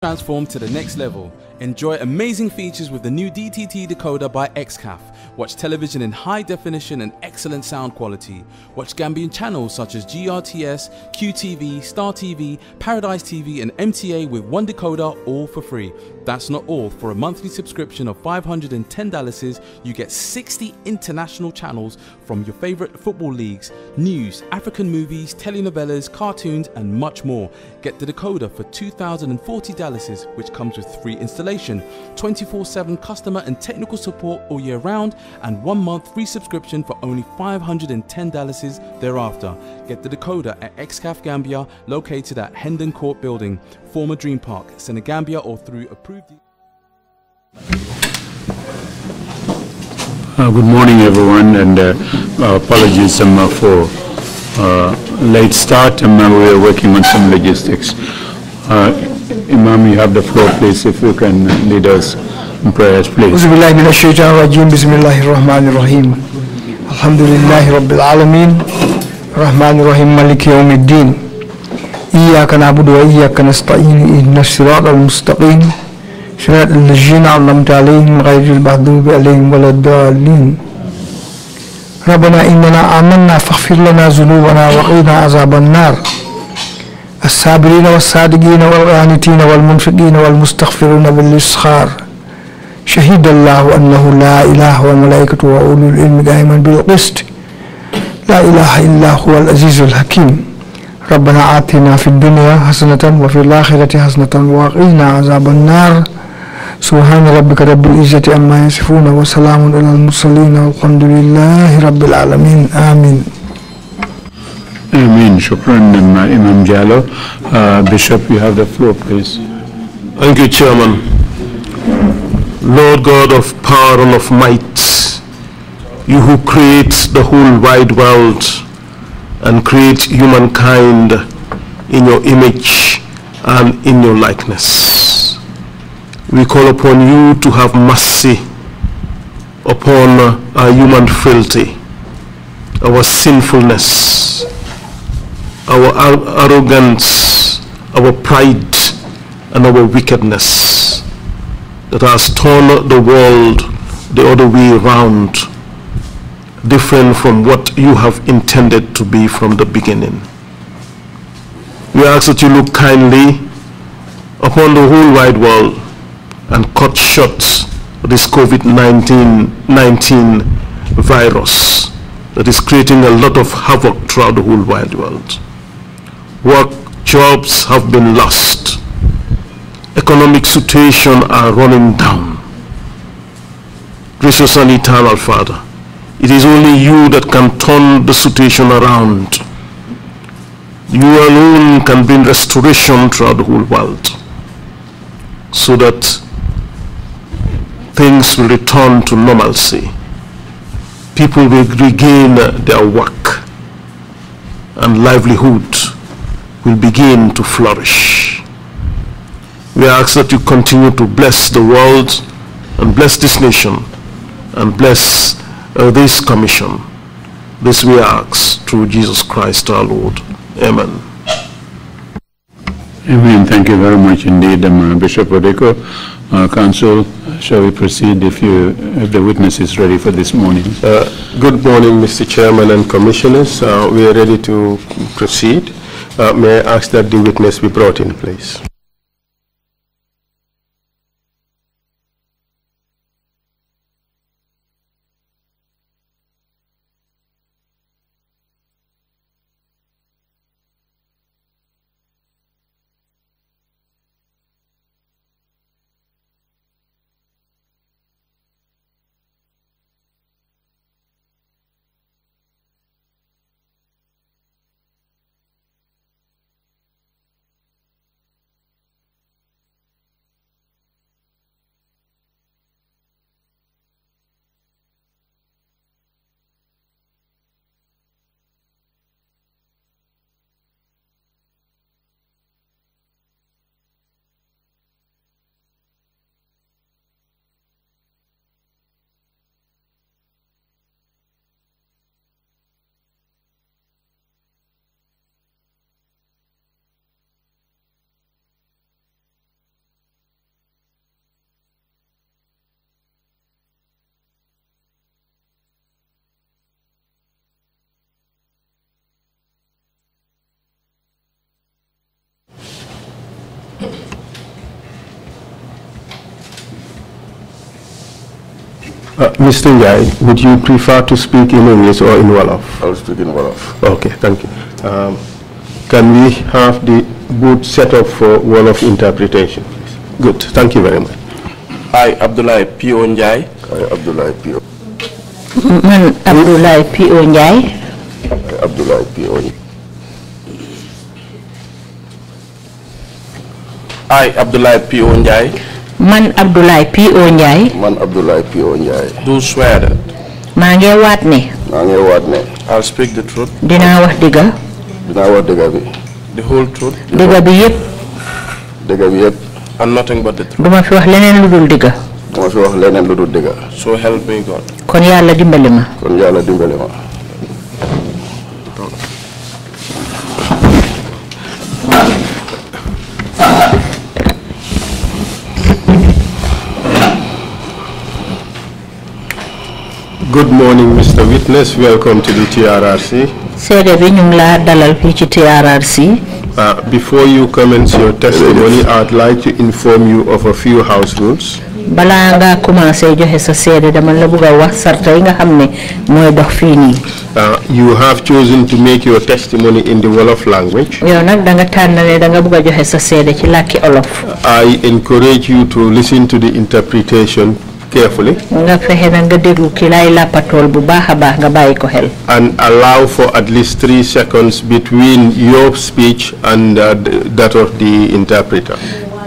transform to the next level. Enjoy amazing features with the new DTT decoder by XCAF. Watch television in high definition and excellent sound quality. Watch Gambian channels such as GRTS, QTV, Star TV, Paradise TV and MTA with one decoder all for free. That's not all. For a monthly subscription of $510, you get 60 international channels from your favorite football leagues, news, African movies, telenovelas, cartoons and much more. Get the decoder for $2,040 which comes with free installation installation, 24 7 customer and technical support all year round, and one month free subscription for only 510 dollars thereafter. Get the decoder at XCAF Gambia, located at Hendon Court Building, former Dream Park, Senegambia, or through approved. Uh, good morning, everyone, and uh, uh, apologies um, uh, for uh, late start. Um, uh, we are working on some logistics. Imam, you have the floor, please, if you can lead us in prayers, please. Bismillahirrahmanirrahim. Alhamdulillahi Rabbil Alameen. Rahman Rahim Malik Al-Din. إياك نعبد وإياك نستعين إهدنا الصراط المستقيم صراط الذين أنعمت عليهم غير المغضوب عليهم ولا الضالين ربنا إننا آمنا فاغفر لنا ذنوبنا وقنا عذاب النار الصابرين والصادقين والغانتين والمنفقين والمستغفرين بالإسخار شهد الله أنه لا إله وملائكة وأولو العلم دائما بالقسط لا إله إلا هو العزيز الحكيم ربنا آتنا في الدنيا حسنة وفي الآخرة حسنة وقنا عذاب النار سبحان ربك رب العزة أما يصفون وسلام على المرسلين والحمد لله رب العالمين آمين Amen. Shukran, Imam Jallo. Uh, Bishop, you have the floor, please. Thank you, Chairman. Lord God of power and of might, you who create the whole wide world and create humankind in your image and in your likeness. We call upon you to have mercy upon our human frailty, our sinfulness, our arrogance, our pride, and our wickedness that has turned the world the other way around, different from what you have intended to be from the beginning. We ask that you look kindly upon the whole wide world and cut short this COVID-19 19 virus that is creating a lot of havoc throughout the whole wide world work jobs have been lost. Economic situation are running down. Gracious and eternal Father, it is only you that can turn the situation around. You alone can bring restoration throughout the whole world so that things will return to normalcy. People will regain their work and livelihood will begin to flourish. We ask that you continue to bless the world and bless this nation and bless uh, this commission. This we ask through Jesus Christ our Lord. Amen. Amen. Thank you very much indeed, um, Bishop Odeko. Uh, Council, shall we proceed if, you, if the witness is ready for this morning? Uh, good morning, Mr. Chairman and Commissioners. Uh, we are ready to proceed. Uh, may I ask that the witness be brought in, please. Uh, Mr. Ngai, would you prefer to speak in English or in Wolof? I'll speak in Wolof. Okay, thank you. Um, can we have the boot set up for Wolof interpretation? Good, thank you very much. Hi, Abdoulaye P.O. Njai. Hi, Abdoulaye P.O. Man, Abdoulaye P.O. Njai. Hi, P.O. Hi, Abdoulaye P.O. Njai. man Abdoulaye P.O. Ndiaye. man Abdoulaye maa ngi waat ni maa ngi waat ne. I'll speak the truth. dinaa wax dëgg. dinaa wax dëgg bi. the whole bi yëpp. dëgg yëpp. and nothing but the truth. fi wax leneen lu dul dëgg. leneen lu dul dëgg. so help me God. kon yàlla dimbali ma. kon yàlla dimbali ma. Good morning, Mr. Witness. Welcome to the TRRC. Seede TRRC. Before you commence your testimony, I'd like to inform you of a few house rules. balaa you have chosen to make your testimony in the Wolof language. I encourage you to listen to the interpretation. carefully. nga fexe nag nga déglu ki lay lappatool bu baax a baax nga bàyyi ko xel. and allow for at least three seconds between your speech and uh, that of the interpreter.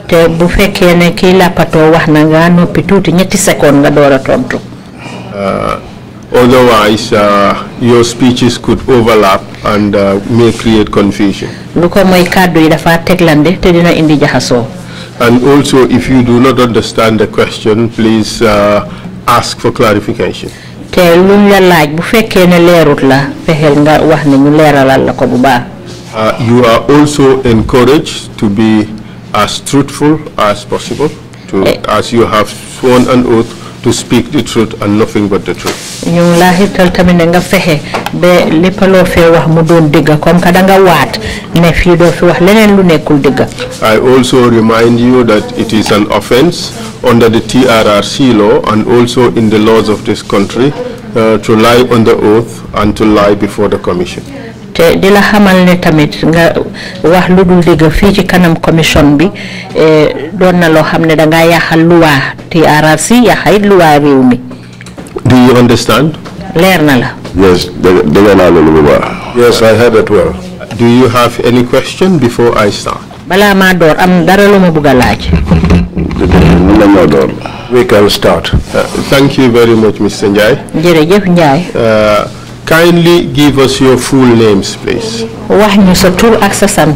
te bu fekkee ne kii làppatoo wax na nga noppi tuuti ñetti seconde nga door a tontu. Uh, otherwise, uh, your speeches could overlap and uh, may create confusion. Lu ko mooy kàddu yi dafa teglande te dina indi jaxasoo. And also, if you do not understand the question, please uh, ask for clarification. Uh, you are also encouraged to be as truthful as possible, to, eh. as you have sworn an oath to speak the truth and nothing but the truth. ñu la nga fexe wax mu doon comme da nga ne fi wax leneen lu nekkul I also remind you that it is an offence under the TRRC law and also in the laws of this country uh, to lie on the oath and to lie before the commission. te di la xamal ne tamit nga wax lu dul dëgg fii ci kanam commission bi eh, doon na loo xam ne da ngaa yàqal luwaa TRRC yàqay luwaa réew mi. do you understand. leer na la. yes dégg naa loolu bu baax. yes I heard it have any question before I start. balaa maa door am dara lu ma bëgg a laaj. mën nañoo door. Kindly give us your full names, please. wax ñu sa tur ak sa sant.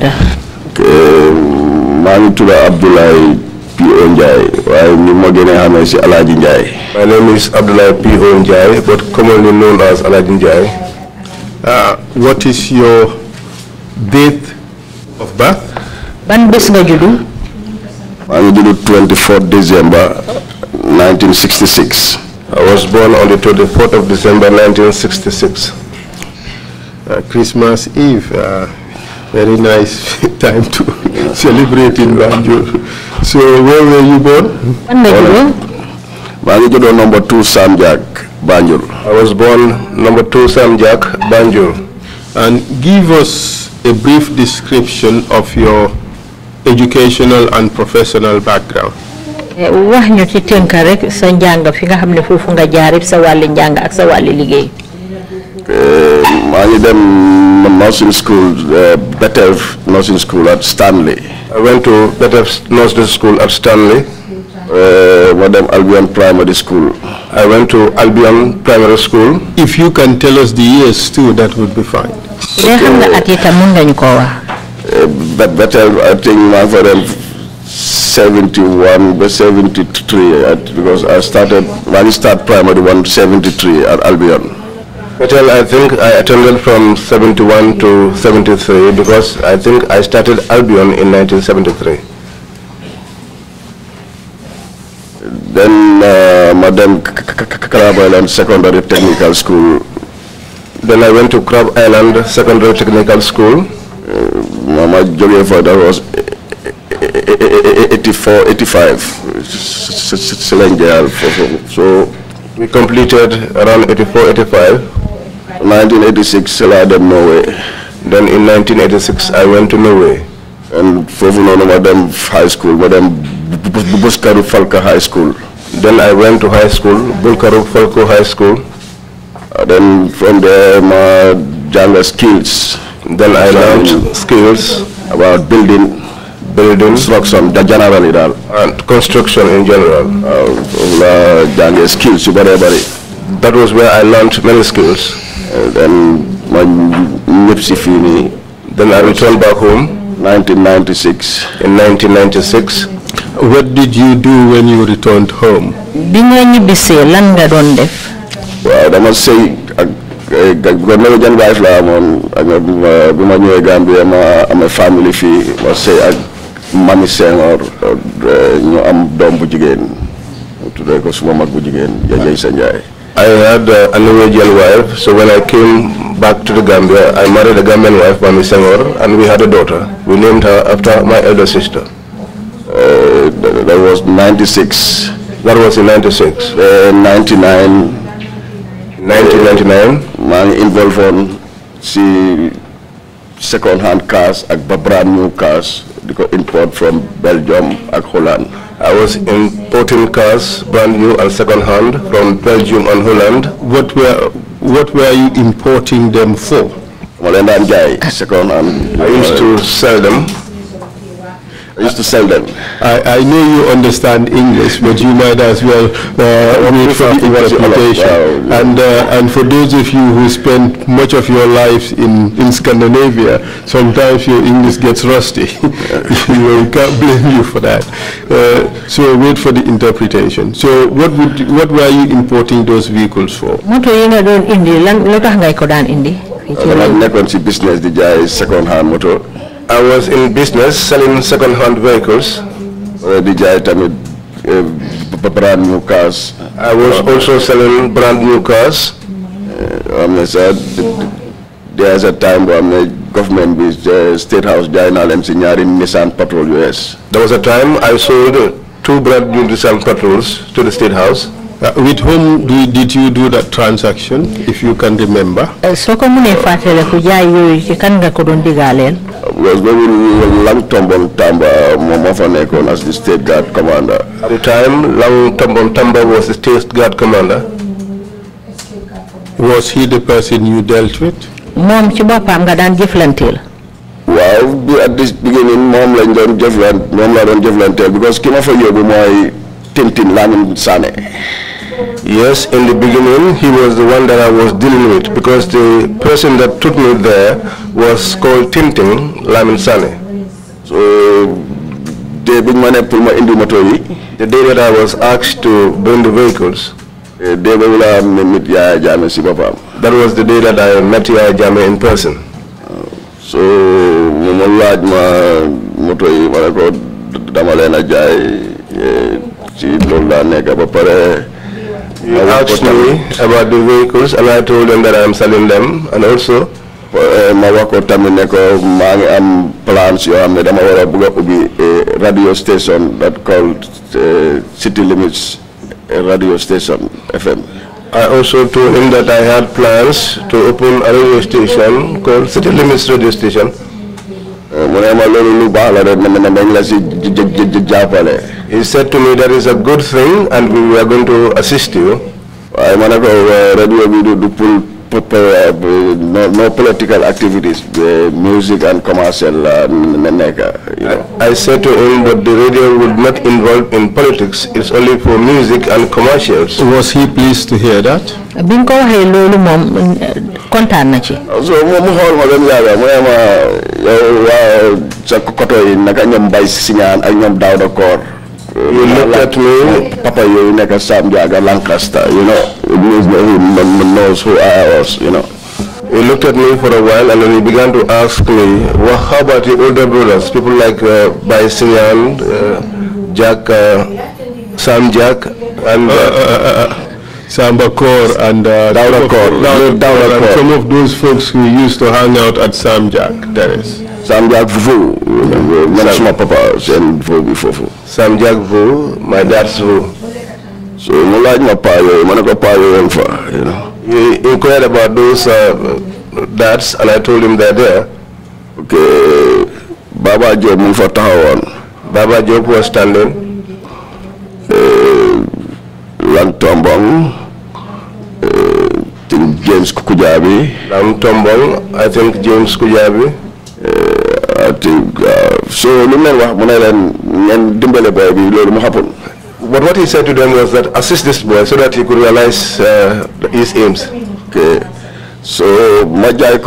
maa ngi tudd Abdoulaye P.O. a xamee si my name is Abdoulaye P.O. Ndiaye but commonly known as Alaaji Ndiaye. Uh, what is your date of birth. When did you juddu. maa ngi juddu 24 December 1966. I was born on the 24th of December 1966. Uh, Christmas Eve, uh, very nice time to celebrate in Banjul. So where were you born? Banjul. Banjul number 2 Samjak, Banjul. I was born number 2 Samjak, Banjul. And give us a brief description of your educational and professional background. Eh, wax ñu ci Better rek sa fi nga nga jaar sa ak sa eh, ngi dem nursing school eh, nursing school at Stanley. I went to Better nursing school at Stanley. ma dem Albion Primary School. I went to Albion Primary School. If you can tell us the years too, that would be fine. Betev, I think my for 71, but 73, at, uh, because I started, I started primary 173 at Albion. Well, I think I attended from 71 to 73 because I think I started Albion in 1973. Then uh, Madam Crab Island Secondary Technical School. Then I went to Crab Island Secondary Technical School. Uh, Mama Jolie father was 84, 85 So we completed around 84, 85. 1986, Seladem, Norway. Then in 1986, I went to Norway. And for Madam High School, Madam Buskaru Falka High School. Then I went to high school, Bulkaru Falko High School. then from there, my Janga skills. Then I learned skills about building building construction generally daal and construction in general la um, uh, the skills you bëree bëri that was where I learned many skills and then my ñëpp si then I returned back home 1996 in 1996 what did you do when you returned home well I must say nga doon def waaw I sëy because never done life like I'm on. I I'm um, uh, a family fee. I say I mami Senghor eh, ñu am doom bu jigéen tuddee ko suma mag bu jigéen Janjay Sa Njaay I had uh, an Norwegian wife so when I came back to the Gambia I married a Gambian wife mami Senghor and we had a daughter we named her after my elder sister uh, that was 96 that was in 96 uh, 99 1999 maa ngi involve woon si second hand cars ak ba brand new cars import from Belgium and Holland. I was importing cars, brand new and second hand, from Belgium and Holland. What were what were you importing them for? Well, I used to sell them I used to sell them. I, I know you understand English, but you might as well uh, read from interpretation. And, uh, and for those of you who spend much of your lives in, in Scandinavia, sometimes your English gets rusty. you can't blame you for that. Uh, so wait for the interpretation. So what, would, what were you importing those vehicles for? Uh, motor in India. doon indi, lan lu tax ngay ko business second hand motor. I was in business selling second-hand vehicles. Eh, brand new cars. I was also selling brand new cars. I'm eh, said there's a time when the government with eh, the state house Jainal MC Nyari Nissan Patrol US. There was a time I sold two brand new Nissan Patrols to the state house. Uh, with whom do, did you do that transaction, if you can remember? Eh, soko mune fatele kujayo kikanga kurundiga len. Uh, was when Lang Tombon Tamba uh, Momofanekon as the state guard commander. At the time, Lang Tombon Tamba was the state guard commander. Was he the person you dealt with? Mom chibopam gadan jiflentil. Well, at this beginning, mom lang don jiflent, mom lang don jiflentil because kinafa yobu my Tintin Lamin Sane. Yes, in the beginning, he was the one that I was dealing with because the person that took me there was called Tintin Lamin Sane. So, the big man pulled my into The day that I was asked to bring the vehicles, eh, ah, that was the day that I met Yaya Jame in person. So, my motor, I jai. She you asked me about the vehicles, and I told them that I'm selling them, and also. Eh, ma wax ko tamit ne plans eh, radio station that called eh, City Limits radio station FM. I also told him that I had plans to open a radio station called City Limits radio station. Eh, eh. He said to me, that is a good thing and we are going to assist you. Uh, no, no political activities, the uh, music and commercial. Uh, you know. I, I said to him that the radio would not involve in politics. It's only for music and commercials. Was he pleased to hear that? bi ah, so you look at me, Papa, you like a Sam Jaga Lancaster, you know. It means knows who I was, you know. He looked at me for a while and then he began to ask me, well, how about your older brothers, people like uh, Bai uh, Jack, uh, Sam Jack, and... Uh, uh, uh, uh Sambakor and uh, Dawakor, some of those folks who used to hang out at Samjak Terrace. Samjak Vuvu, Manasma Papa, and before Fufu. Sam Diak my dad's Vaux. so mu laaj ma paa yooyu ma fa you know. he inquired about those uh, dads and I told him they're there. okay Baba Job mu fa taxawoon. Baba Job was standing. Eh, Lang Tombong, eh, think James Kujabi. Lang Tombong, I think James Kujabi. Eh, I think. Uh, so lu boy But what he said to them was that assist this boy so that he could realize uh, his aims. Okay. So ma jaay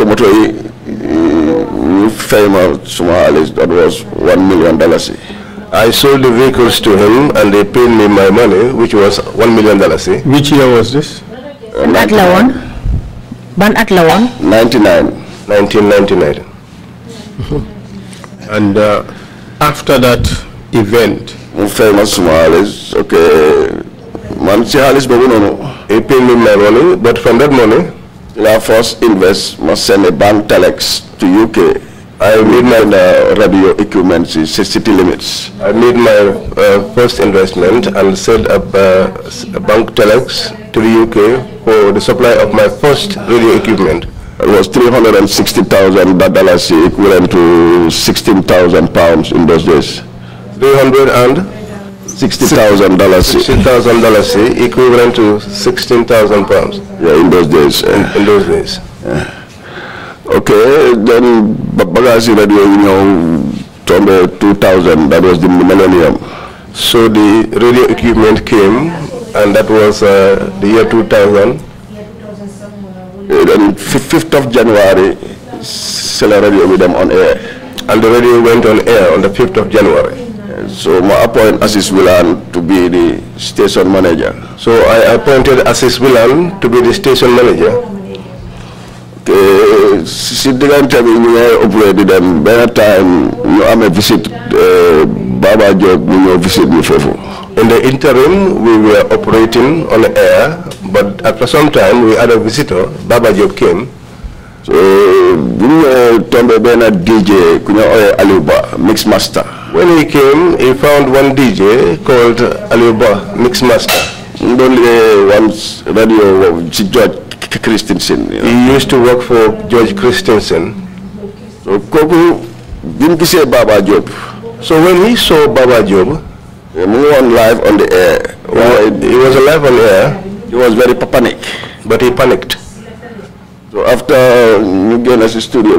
famous that was one million dollars. I sold the vehicles to him and they paid me my money which was one million dollars. Which year was this? 1991. Uh, ban 99. 1999. And uh, after that event, ok but from that money. la first invest ma send a bank telex to UK. I made my uh, radio equipment to city limits. I made my uh, first investment and set up uh, a bank telex to the UK for the supply of my first radio equipment. It was $360,000 equivalent to 16,000 pounds in those days. 300 and? $60,000. $60,000 equivalent to 16,000 pounds. Yeah, in those days. in, in, those days. Uh, okay, then Bagasi Radio Union 2000, that was the millennium. So the radio equipment came, and that was uh, the year 2000 on eh, 5th of January, Sela Radio with them on air. And the radio went on air on the 5th of January. so I appointed Assis Willan to be the station manager. So I appointed Assis Willan to be the station manager te eh, si diggante bi ñu ngay opéré di dem benn time ñu amee visite eh, Baba Diop mu ñëw visite ñu foofu. In the interim, we were operating on air, but after some time, we had a visitor, Baba Job came. So, DJ, Aliuba, master When he came, he found one DJ called Aliuba, Mixmaster. Only once radio, George Christensen. You know? He used to work for George Christensen. So Kogu didn't see Baba Job. So when he saw Baba Job, he was live on the air. Well, he was alive on the air. He was very panic, but he panicked. So after you get us a studio,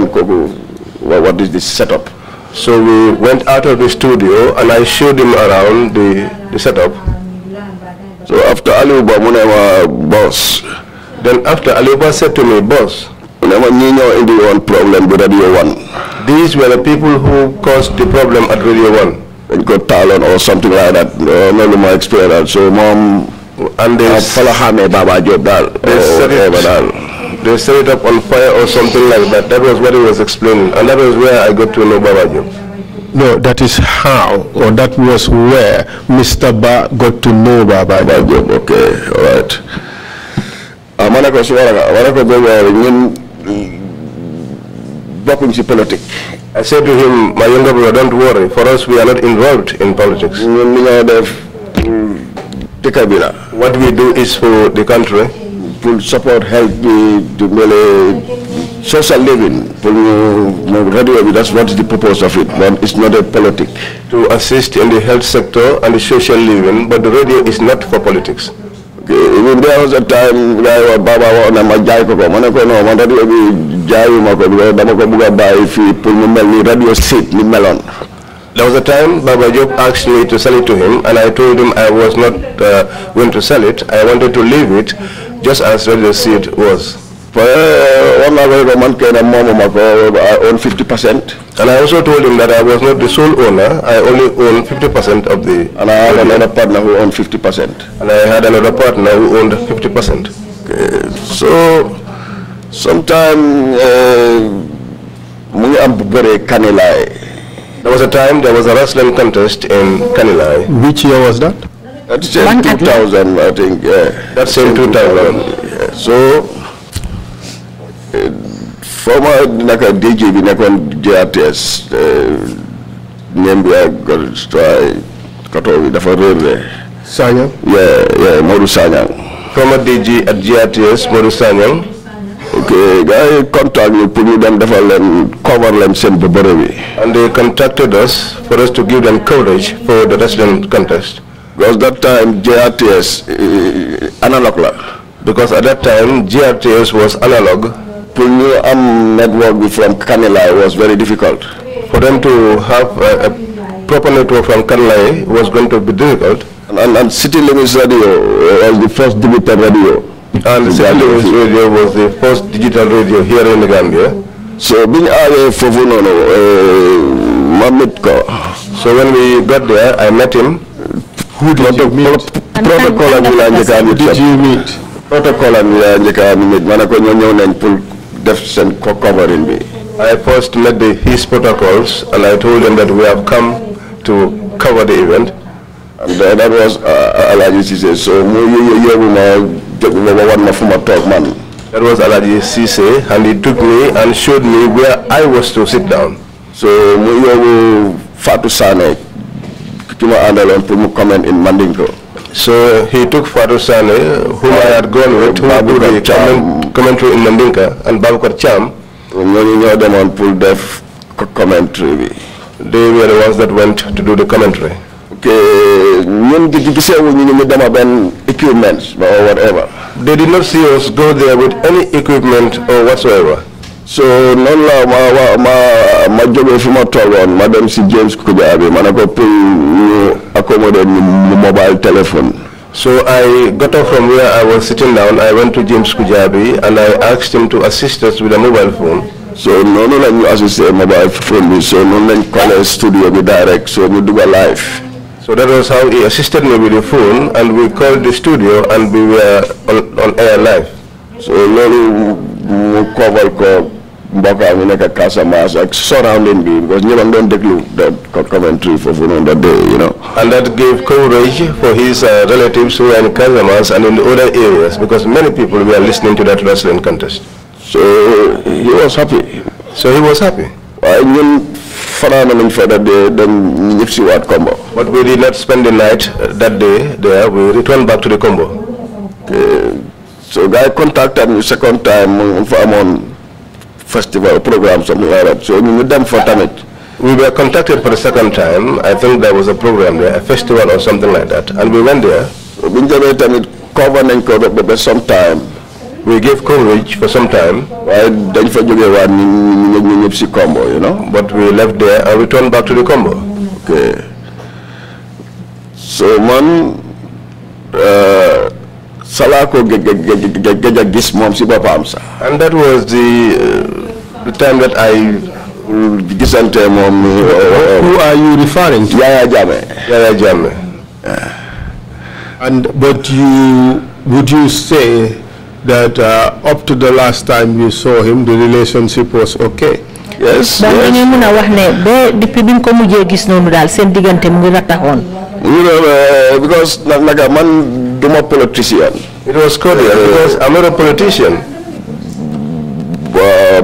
what is this setup? So we went out of the studio and I showed him around the, the setup. So after Ali Uba, when I was boss, then after Ali Uba said to me, boss, never knew any one problem with Radio 1. These were the people who caused the problem at Radio 1. got talent or something like that, None of my experience. So mom, and they, uh, Palahame Baba Job, they, set it, they set it up on fire or something like that. That was what he was explaining. And that was where I got to know Baba Job. No, that is how, or that was where Mr. Ba got to know Baba Job. Okay, all right. Manako Suwaraga, Manako Job, backing to politics. I said to him, my younger brother, don't worry, for us we are not involved in politics. Mm, mm, ah. What we do is for the country, to support, help the, the social living for ñu uh, radio that's what is the purpose of it but it's not a politic to assist in the health sector and the social living but the radio is not for politics okay. there was a time guy baba wax na ma jaay ko ko ma ne ko non man radio bi jaayuma ko because dama ko bëgg a bàyyi fii pour mu mel radio sit ni meloon There was a time Baba Job asked me to sell it to him and I told him I was not uh, going to sell it. I wanted to leave it just as Radio Seed was. Uh, one oh, I own 50%. And I also told him that I was not the sole owner, I only own 50% of the... And I had another partner who owned 50%. And I had another partner who owned 50%. Okay. So, sometime... Uh, there was a time there was a wrestling contest in Kanilai. Which year was that? That's in 2000, I think. Yeah. That's in 2000. Yeah. So, former naka DJ nekkoon JRTS nem bi try waaye kato bi dafa réer yeah yeah Modou Sagnang. former DJ at JRTS Modou Sagnang. ok gars contact me, pour ñu cover them seen bëbërë and they contacted us for us to give them coverage for the resident contest. because that time JRTS eh, analog because at that time JRTS was analog to new um, network from Kanilai was very difficult. For them to have a, a proper network from Kanilai was going to be difficult. And, and, and City Limits Radio was the first digital radio. And City Limits Radio was the first digital radio here in the Gambia. So being away for So when we got there, I met him. Who did Proto you meet? Protocol and Did you meet? Protocol and Njika meet. Manako nyonyo and deficient covering me. I first met the his protocols and I told them that we have come to cover the event. And uh, that was uh, Alaji Cisse. So that was Alaji Cisse and he took me and showed me where I was to sit down. So we were Fatu Sane, Kima Andalon, Pumu comment in Mandingo. So he took Fadu Sane, whom I had gone with, who did the comment, commentary in Mandinka, and Babukar Cham. Many of them on full deaf commentary. They were the ones that went to do the commentary. Okay, equipment or whatever. They did not see us go there with any equipment or whatsoever so noonu la ma ma ma jógee fi ma toogoon ma dem si James Kujabi, bi ma ne ko pour ñu accommoder mu mobile téléphone. So I got up from where I was sitting down. I went to James Kujabi and I asked him to assist us with a mobile phone. So no, no, no, you assist a mobile phone. So no, no, call studio be direct. So we do a live. So that was how he assisted me with the phone, and we called the studio, and we were on, on air live. So no, we cover mbokk yi ñu nekk Casamance ak surrounding bi because ñëpp a ngi doon déglu that commentary foofu noonu that day you know. and that gave courage for his uh, relatives who are in Casamance and in the other areas because many people were listening to that wrestling contest. so he was happy. so he was happy. waaye ñun fanaan nañ fa that day dem ñëpp si waat Kombo. but we did not spend the night uh, that day there we returned back to the Kombo. Eh, so guy contacted me second time mu fa amoon festival program, something like that. So we mean, them for for time. We were contacted for the second time. I think there was a program there, a festival or something like that. And we went there. We went there and covered and covered for some time. We gave coverage for some time. Combo, you know. But we left there and returned back to the combo. Okay. So one uh, Salako Geja gis moom si boppam sax. and that was the uh, the time that I gisante mom. Uh, who uh, are you referring to. Yaya Jammeh. Yaya Jammeh. And but you would you say that uh, up to the last time you saw him, the relationship was okay? Yes. Ba ñu mëna wax né ba depuis biñ ko mujjé gis nonu dal seen digënté mu ngi rataxon. because like, like man duma politician. It was cordial uh, because I'm not a politician.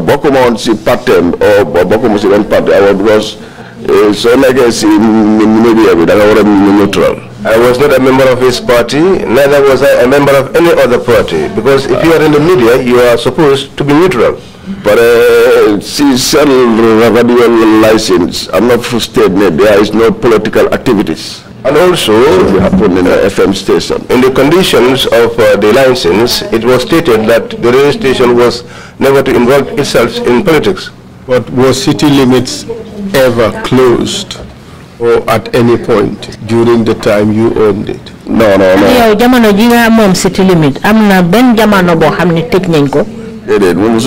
Bokuma patem or Bokuma si one I was so like I see media I an neutral. I was not a member of his party, neither was I a member of any other party. Because if you are in the media, you are supposed to be neutral. But uh, eh, see, cell radio license, I'm not frustrated. There is no political activities and also it happened in the FM station. In the conditions of uh, the license, it was stated that the radio station was never to involve itself in politics. But were city limits ever closed or at any point during the time you owned it? No, no, no. It was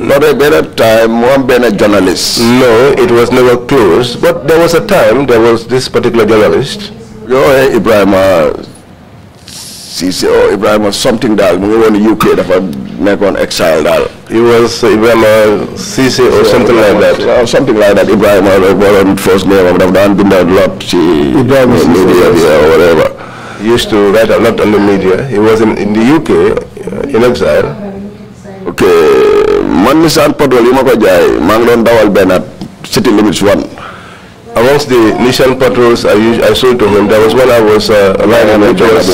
not a better time One am journalist no it was never closed but there was a time there was this particular journalist yooye Ibrahim, Cissé or Ibrahima something we were in the UK dafa nekkoon exile daal he was Ibrahim Cissé or something like that uh, something like that Ibrahima borom first name am daf daan binda lot ci media bi or whatever used to write a lot on the media he was in the UK in exile ok man Nissan Patrol yi ma ko jaay maa city limits one amongst the Nissan Patrols I, I sold to him there was one I was uh, riding which was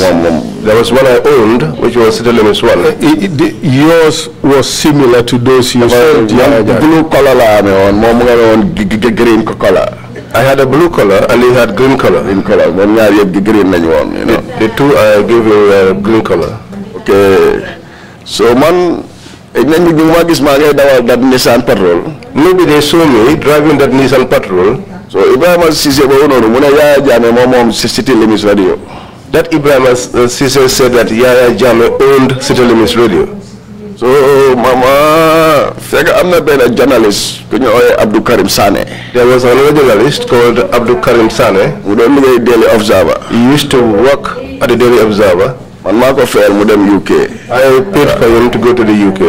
there was one I owned which was city limits one eh, eh, eh, yours was similar to those you sold blue color la amee woon moom on green color I had a blue color and he had green color. Green color. When you had green, you know. The, the two I gave you uh, green color ak so man eh, ñu ngi ma gis maa ngay dawal that Nissan Patrol. maybe they saw me driving that Nissan Patrol. so Ibrahima Cissé boobu noonu mu ne Yaya jame moom moom City Limits Radio. that Ibrahima eh, Cissé said that Yaya jame owned City Limits Radio. so mama fekk am na benn journalist ku ñu ooyee Abdou Karim Sané. there was another journalist called Abdou Karim Sané. mu doon liggéey Daily Observer. he used to work at the Daily Observer man maa ko fayal mu UK. I paid for him to go to the UK.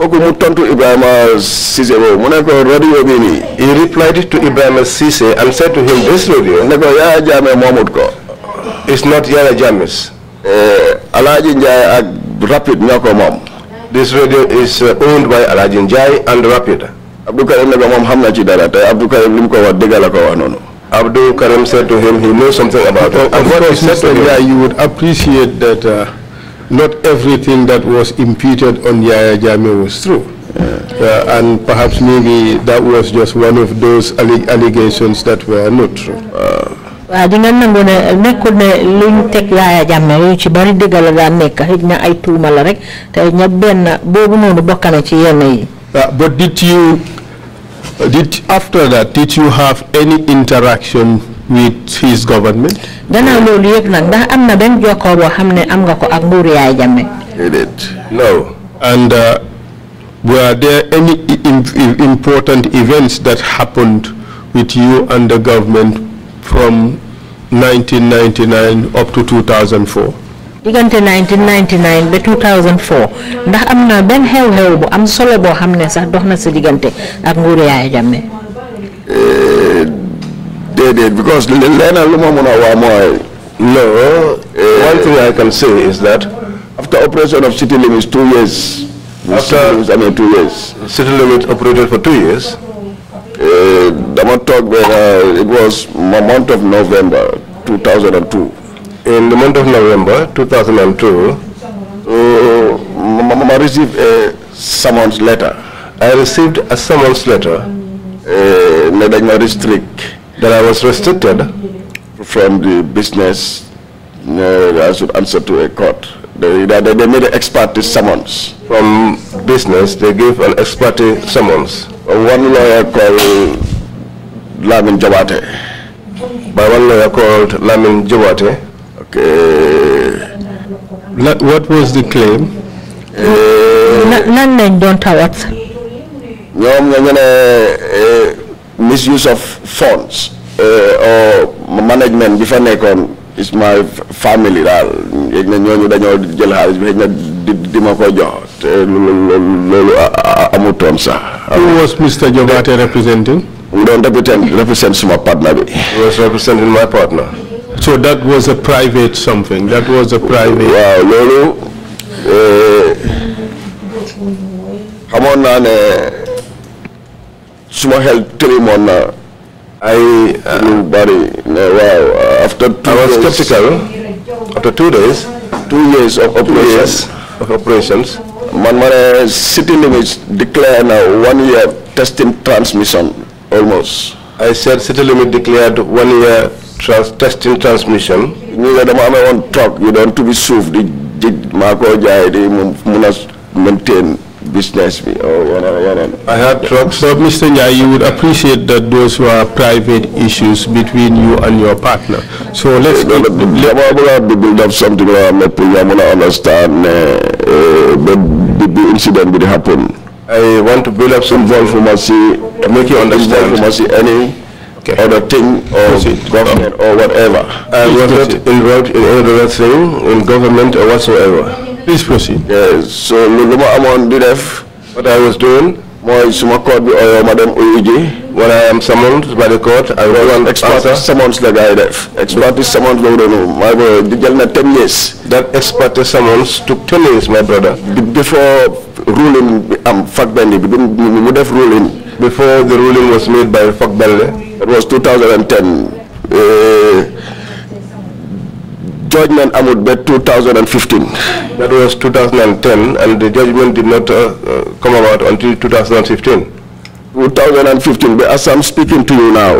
kooku mu tontu Ibrahima Cissé boobu mu ne ko radio bi nii. He replied to Ibrahima Cissé and said to him this radio. ne ko Yaya Jammeh moomut ko. It's not Yaya Jammeh's. Eh, Alaaji Njaay ak Rapid ñoo ko moom. This radio is uh, owned by Alaaji Njaay and Rapid. Abdou Karim ne ko moom xam na ci dara te Abdou Karim li mu ko wax dëgg la ko wax noonu. Abdul Karim said to him he knows something about it. And what he said to him, yeah, you would appreciate that uh, not everything that was imputed on Yaya Jame was true. Yeah. Uh, and perhaps maybe that was just one of those alleg allegations that were not true. Uh, waaw di nga nangu uh, but did you did, after that, did you have any interaction with his government? Gannaaw loolu yëpp nag ndax am na benn jokkoo boo xam ne am nga ko ak nguur yaay jàmme. Déedéet. No. And uh, were there any important events that happened with you and the government from 1999 up to 2004? diggante 1999 ba 2004 ndax am na benn xew-xew bu am solo boo xam ne sax dox na sa diggante ak nguuru Yaya Jammeh. Eh, déedéet because leneen lu ma mën a wax mooy. no. Eh, one thing I can say is that after operation of city limits two years. after I mean two years. city limits operated for two years. Eh, dama toog benn it was month of November 2002 in the month of November 2002, uh, uh, I received a summons letter. I received a summons letter letting uh, my restrict that I was restricted from the business uh, I should answer to a court. They, they, they made an expertise summons. From business, they gave an expertise summons. One lawyer called Lamin Jawate. By one lawyer called Lamin Jawate what was the claim? Eh. None. lañ doon tawat. ñoom ñoo ñu eh, ne misuse of funds eh, or management bi fa nekkoon is my family daal yëg na ñooñu dañoo jël xaalis bi xëy na di ma ko jox te loolu amutoon sax. who was Mr. Jobate representing? mu doon represent represent suma partner bi. he was representing my partner. So that was a private something. That was a private. waaw loolu xamoon eh, naa ne suma xel tërimoon na I, lu bari ne waaw after two days. I was skeptical after two days. two years of operations. of operations. man ma eh, city limits declare now one year testing transmission almost. I said city limit declared one year trans testing transmission. ñu ne the amee won't talk. You don't want to be sued. jaay di maintain business oh, I had trucks. So Mr. Njai, you would appreciate that those were private issues between you and your partner. So let's. dama bëgg a build up something loo xam ne going to understand the incident that happened. happen. I want to build up some diplomacy to make you understand diplomacy any okay. other thing or government or whatever. I uh, was not involved in any other thing in government or whatsoever. Please proceed. Yes. so Luluma Amon did have what I was doing. mooy suma code bi ooyoo ma dem uyu ji when I am summoned by the court I want expert summons la gars yi def expert summons la doonu maa ngi di jël na ten years that expert summons took ten years my brother before ruling bi am Fakbendi bi mu def ruling before the ruling was made by Fakbendi it was 2010 judgment Amud Bet 2015. That was 2010, and the judgment did not uh, uh, come about until 2015. 2015, as I'm speaking to you now,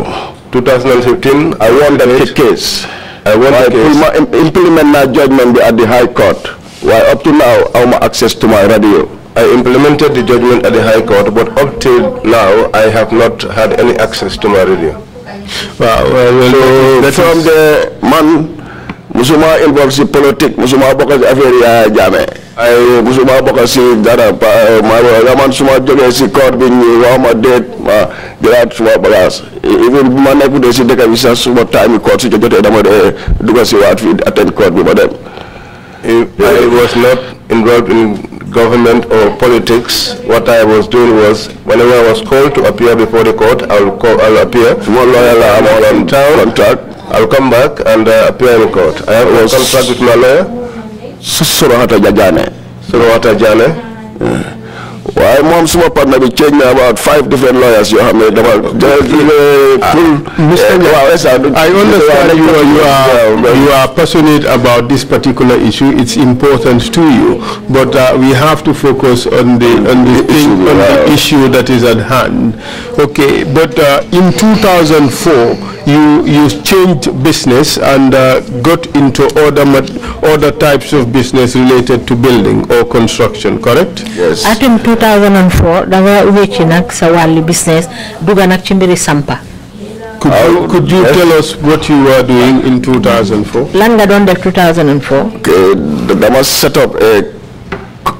2015, I won that case. I won that case. Implement my judgment at the High Court. Why up to now, I'm access to my radio. I implemented the judgment at the High Court, but up till now, I have not had any access to my radio. Wow, well, so from the man musuma politique musuma affaire ay musuma dara ma man suma corps bi ñu wax ma ma suma even bu ma nekk bi suma corps dama corps bi dem I was not involved in government or politics. What I was doing was, whenever I was called to appear before the court, I'll, call, I'll appear. am on Contact. I'll come back and uh, appear in court. I have a contract with my lawyer. Suruhata Jajane. Suruhata Jane. Yeah waaye moom suma partner have change na about five different lawyers I understand you are, you, are, you are passionate about this particular issue. It's important to you, but uh, we have to focus on the on the, thing, on the issue that is at hand. Okay, but uh, in 2004 you you changed business and uh, got into other other types of business related to building or construction. Correct? Yes. 2004 da nga wécci sa wàllu business ci mbiri sampa. could you, uh, could you yes. tell us what you were doing in 2004? lan nga doon 2004. dama set up a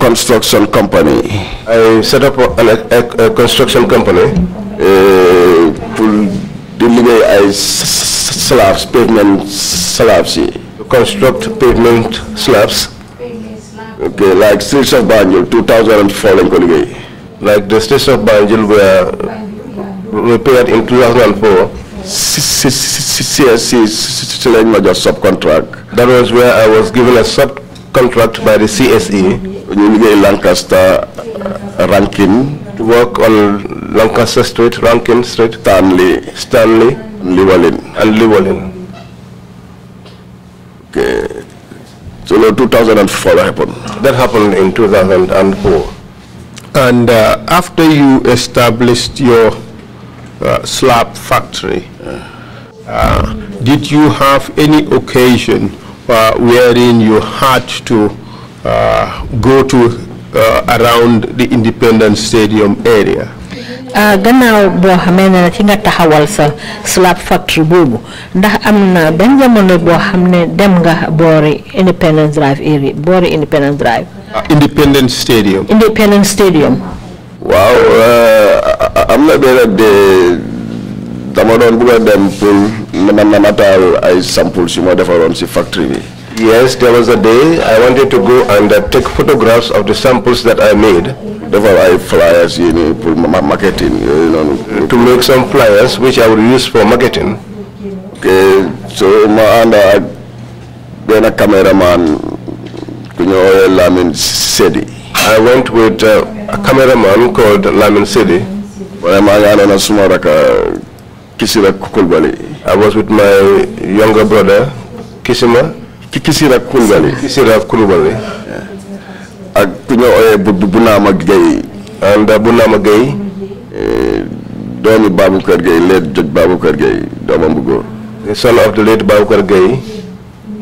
construction company. I set up a, a, a construction company to uh, deliver ay slabs pavement slabs to construct pavement slabs. Okay, like streets of Banjul, 2004 and ko like the streets of Banjul were repaired in 2004. CSE si lañ subcontract. That was where I was given a subcontract by the CSE. In Lancaster Rankin. to work on Lancaster Street, Rankin Street. Stanley. Stanley. Llewellyn. And Llewellyn. Okay. So no, 2004 happened. That happened in 2004. And uh, after you established your uh, slab factory, uh, did you have any occasion uh, wherein you had to uh, go to uh, around the Independence Stadium area? Ah, gannaaw boo xamee ne ci nga taxawal sa slab factory boobu ndax am na benn jamono boo xam ne dem nga boori Independence Drive area boori Independence Drive. Ah, Independence Stadium. Independence Stadium. waaw ah, am na benn de dama doon bëgg a dem pour mën a namataal ay samples yu ma defaroon si factory bi. Yes, there was a day I wanted to go and uh, take photographs of the samples that I made. Therefore, I flyers in marketing. You know, to make some flyers which I would use for marketing. Okay, so my and I, then a cameraman, you know, Lamin Sedi. I went with uh, a cameraman called Lamin Sedi. I was with my younger brother, Kisima. ci Kisira Koulibaly Kisira Koulibaly ak ku ñu ooyee bu bu naama Gueye anda bu naama Gueye eh, doomi Babacar Gueye leet joj Babacar Gueye doomam bu góor of the late Babacar Gueye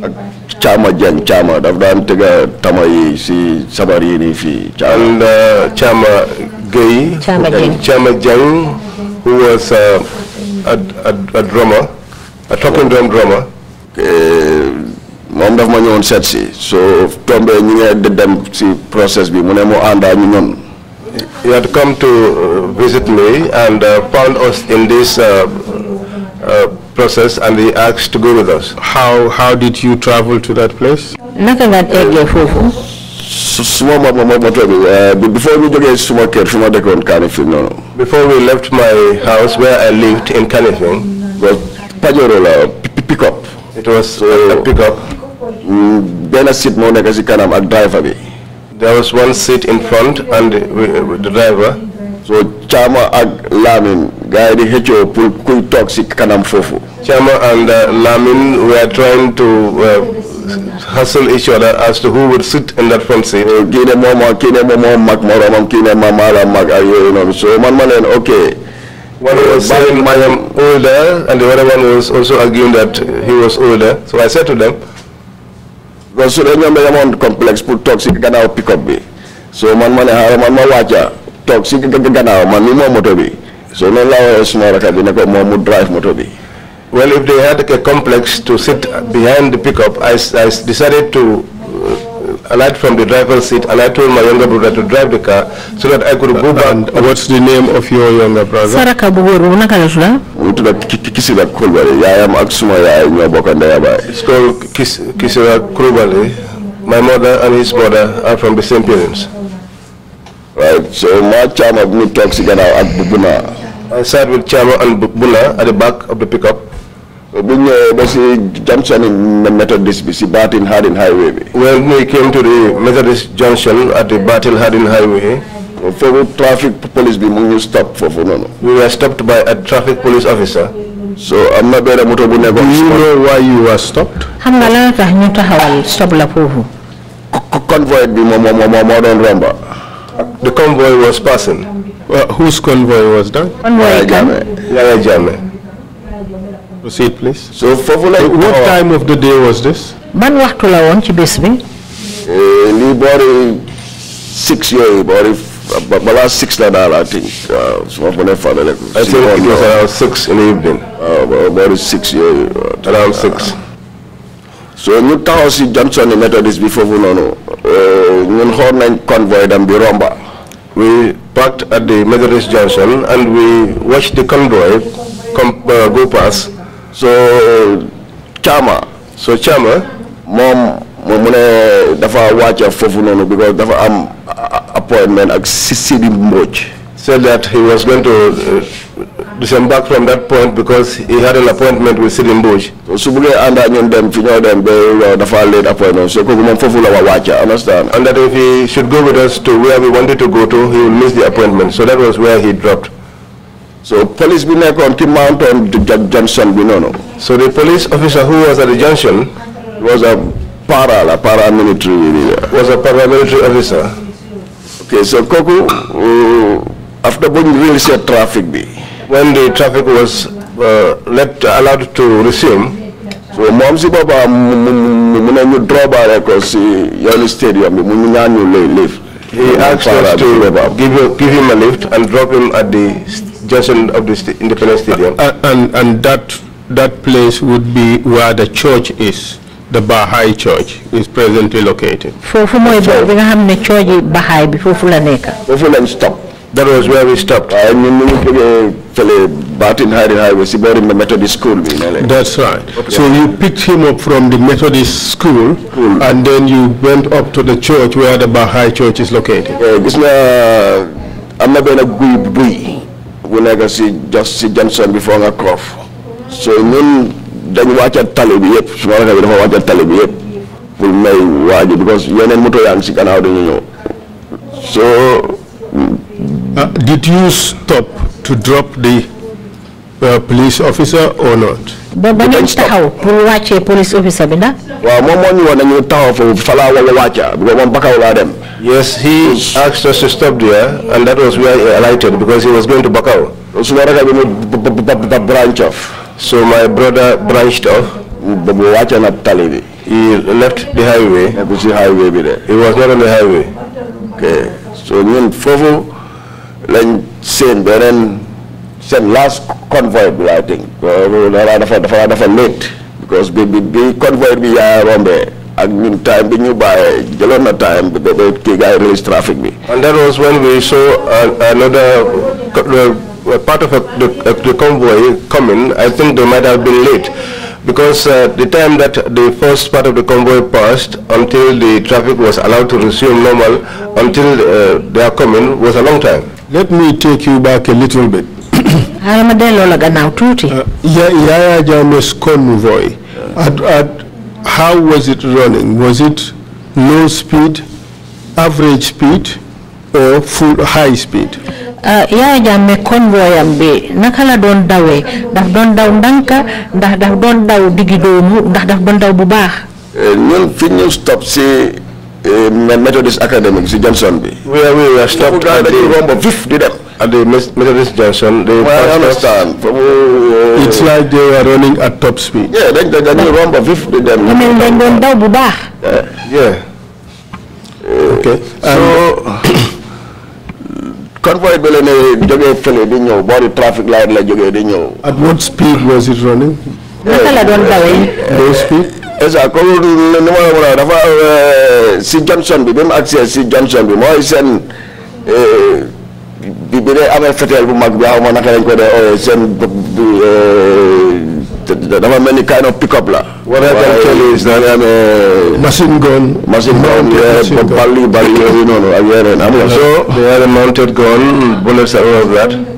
ak Caama Diagne Caama daf daan tëgga tama yi si sabar yi nii fii Caama Gueye Caama Diagne who was a, a, a, a drummer a moom daf ma ñëwoon seet dem process bi mu ne ñu ñun. You had come to uh, visit me and uh, found us in this uh, process and he asked to go with us. How how did you travel to that place? naka nga eggee foofu. suma ma ma moto bi before ñu jógee suma kër fi ma dëkkoon Kanifing Before we left my house where I lived in Kanifing. Pajoro la pick up. It was a pick up benn seat moo nekk si kanam ak driver bi. there was one seat in front and uh, uh, the driver. so Chama ak Lamin they di xëccoo pour kuy toog si kanam foofu. Chama and uh, Lamin were trying to. hustle each other as to who would sit in that front seat. Eh, kine mama, kine mak kine mak So man man okay. One was saying I am older, and the other one was also arguing that he was older. So I said to them, because su dee ñoom dañoo amoon complexe pour toog si pick-up bi so man ma how xaaral man ma wàcca toog si gannaaw man mi moom moto bi so noonu laa waxee suma rakk bi ne ko moom drive moto bi. Well, if they had a complex to sit behind the pickup, I, I decided to uh, alight from the driver's seat and I told my younger brother to drive the car so that I could go uh, back. And what's the name of your younger brother? Saraka Buguru, tuda Kisila Kulbali yaayam ak suma yaay ñoo bokk It's called Kis Kisila Kulbali. My mother and his brother are from the same parents. Right, so my Chama Blue talks again uh, at Bubuna. I sat with Chama and Bubuna at the back of the pickup. When we came to the Methodist Junction at the Battle Hardin Highway, federal traffic police be moving stop for for no. We were stopped by a traffic police officer. So I'm not better motor never. Do you know why you were stopped? Hamgala tahni tahawal stop la pohu. Convoy be mama mama The convoy was passing. Well, whose convoy was that? Convoy Jame. Yaya Jame. Proceed please. So for like what time of the day was this? Ban la won ci bes bi? Li eh, 6 yoy bori but my last six that I think uh, so when I found it, I think it was around six in the evening. Uh, about six, yeah, uh, around six. so you jumped on the Methodist before foofu noonu ñun xool nañ convoy dem the romba. we parked at the Methodist Junction and we watched the convoy come uh, go past. so uh, Chama. so Chama Mom mu ne dafa wàcca foofu noonu because dafa am appointment ak Sidi Mbodj. said that he was going to uh, disembark from that point because he had an appointment with Sidi Mbodj. su bëggee ànd ak ñun dem fi ñoo dem ba dafa late appointment so kooku moom foofu la wa understand. and that if he should go with us to where we wanted to go to he will miss the appointment so that was where he dropped. So police bi nekkoon ci mountain junction bi noonu. So the police officer who was at the junction was a para la paramilitary leader. Was a paramilitary officer. Okay, so Koku, uh, after when really said traffic be. When the traffic was uh, left allowed to resume, so Momsi Baba Munanyu Droba across the Yali Stadium, Munanyu lift. He asked us to give, give him a lift and drop him at the junction of the st Independence Stadium. Uh, and, and that, that place would be where the church is the Baha'i Church is presently located. Fofu moy bo to nga xamne church Baha'i bi fofu la nek. Fofu lañ That was where we stopped. I ñun ñu jógé fele Batin Hiding Highway si bori the Methodist school That's right. So you picked him up from the Methodist school, and then you went up to the church where the Baha'i Church is located. Eh, gis na am na benn guy guy bu nekk si just see Johnson before I cough. So ñun dañ wàccat tali bi yëpp suma rakk bi dafa wàccat tali bi yëpp pour may waa ji because yeneen moto yaa ngi si gannaaw dañu ñëw so. Uh, did you stop to drop the uh, police officer or not. ba ba ngeen taxaw pour wàccee police officer bi ndax. waaw moom moo ñu woon nañu taxaw foofu fa laa wala wàcca because moom Bakaw laa dem. yes he asked us to stop there and that was where he alighted because he was going to Bakaw. suma rakk bi mu branch off. So my brother branched off. He left the highway. highway He was not on the highway. Okay. So then Fovo, then same, but then same last convoy, I think. Dafa late because bi bi convoy bi yaa rombé ak ñun time bi ñu bàyyee The na time bi ba kii gars traffic me. And that was when we saw another were part of a, the, a, the, convoy coming, I think they might have been late because uh, the time that the first part of the convoy passed until the traffic was allowed to resume normal until uh, their coming was a long time. Let me take you back a little bit. Uh, Yaya Jame's convoy, how was it running? Was it low speed, average speed, or full high speed? Eh, ya jamme ya, convoyam yang naka la doon dawe ndax don daw ndanka ndax daf don daw digi doomu ndax daf don daw bu bax ñun eh, fi ñu stop si eh, Methodist Academy si Johnson bi we we we stop. at rombo vif di dem at the Methodist Johnson they well, I understand from, uh, oh, it's oh. like they were running at top speed yeah dañ dañ ñu rombo vif di dem ñu dañ doon daw bu bax yeah okay so convoy bi la jógee fële di ñëw boori traffic light la jógee di ñëw. at what speed was it running. Eh, eh, ma la mën dafa eh, si Johnson bi bi mu accès si Johnson bi mooy seen bi bi day amee feteel bu mag bi xaw ma naka lañ ko dee seen. dafa many kind of pick up la. What I can is that um, machine gun, machine gun, yeah, machine but gun. Bali, Bali, you know, I hear it. I'm so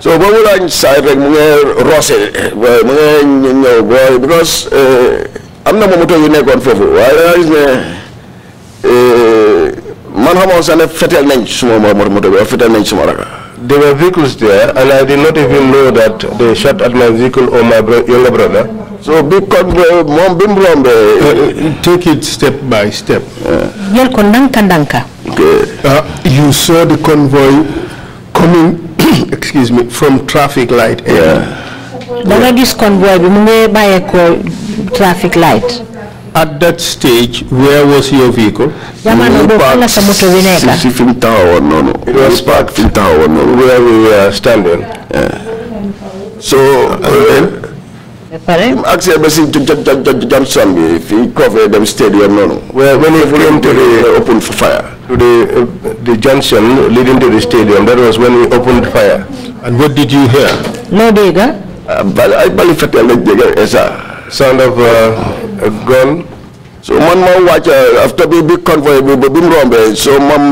so boobu laañ saay rek mu ngi roose mu ngi ñëw booy because eh, am na moom moto yu nekkoon foofu waaye dangaa gis ne eh, man xamoon sax ne feteel nañ suma moto bi fetel nañ suma raka there were vehicles there, and I did not even know that they shot at my vehicle or my bro younger brother. So because mom bimblombe, take it step by step. Uh, Yel kondanka uh, You saw the convoy coming, excuse me, from traffic light. Yeah. Daga yeah. this convoy bi mu ngi traffic light at that stage, where was your vehicle? It was parked in town where we were standing. So, uh, I'm saying to Johnson, if he covered them stadium, no, no. Well, when he came to the open fire, to the uh, the junction leading to the stadium, that was when we opened fire. And what did you hear? No, Dega. Uh, but I believe that it uh, is uh, a Sound of uh, gun. so man maa wàcc uh, after bi big convoy bi ba bi mu rombee so man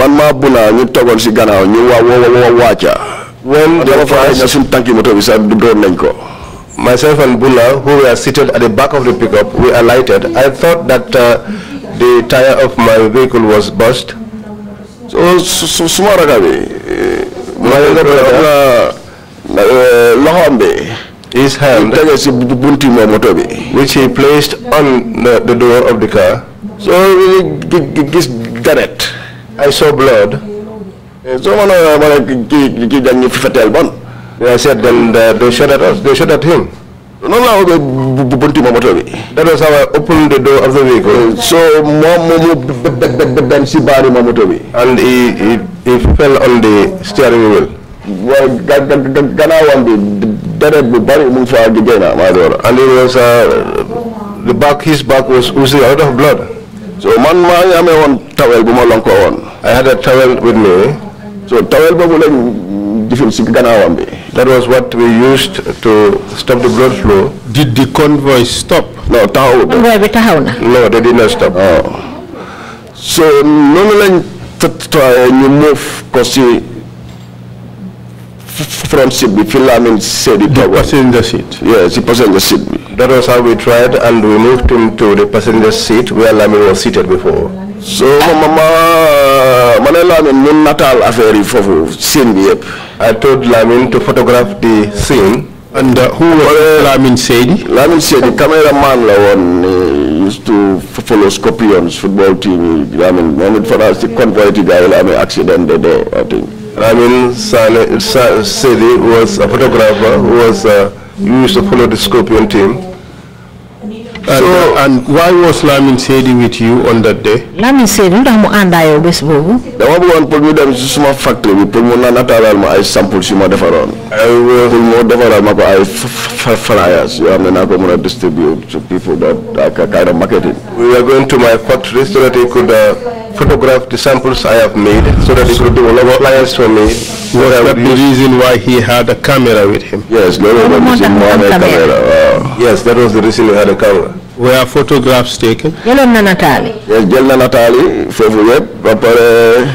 man maa buna ñu togoon si gannaaw ñu waa woo wàcc when the officers sun tanki moto bi sax doon nañ ko myself and Bula, who were seated at the back of the pickup, we alighted. I thought that uh, the tire of my vehicle was burst. So, so, so, eh, my brother, uh, his hand, which he placed on the, the door of the car. So this garret, I saw blood. So I said, then they shot at us, they shot at him. That was how I opened the door of the vehicle. So and he, he, he fell on the steering wheel dare berbaring musa gege na mador and it was uh, the back his back was oozing out of blood so man ma yame won tawel bu long lonko won i had a towel with me so towel bobu lañ difil ci gannaawam bi that was what we used to stop the blood flow did the convoy stop no towel. no they did not stop oh. so nonu lañ try ñu move because front seat bi fii laa mean seedi the passenger seat. yes the passenger seat that was how we tried and we moved him to the passenger seat where Lamin was seated before. so Mama, ma ma ne Natal, ñu nataal affaire scene bi I told Lamin to photograph the scene. and uh, who was uh, Lamin Sedi? Lamin Camera cameraman la one uh, used to follow Scorpions football team. Lamin, I mean, for us, the convoy guy, Lamin accident, uh, I think. Ramin Sane, was a photographer who was uh, used to follow the Scorpion team. And, so, uh, and why was Lamin Sedi with you on that day? Lamin Sedi, ndax mu ànd yow bés boobu. dama bëggoon pour ñu dem ci suma factory bi pour mu na nataalal ma ay samples yu ma defaroon. I pour mu defaral ma ko flyers yoo xam ne naa ko mën distribute to people that are kind of marketing. we are going to my factory so that they could uh, photograph the samples I have made so that it could be one of appliance for me. What Was the reason why he had a camera with him? Yes, no, no, no, no, camera. camera. Wow. Yes, that was the reason he had a camera. Were photographs taken? Yes, Jelna Natali. Yes, Jelna Natali, fofu yep, apare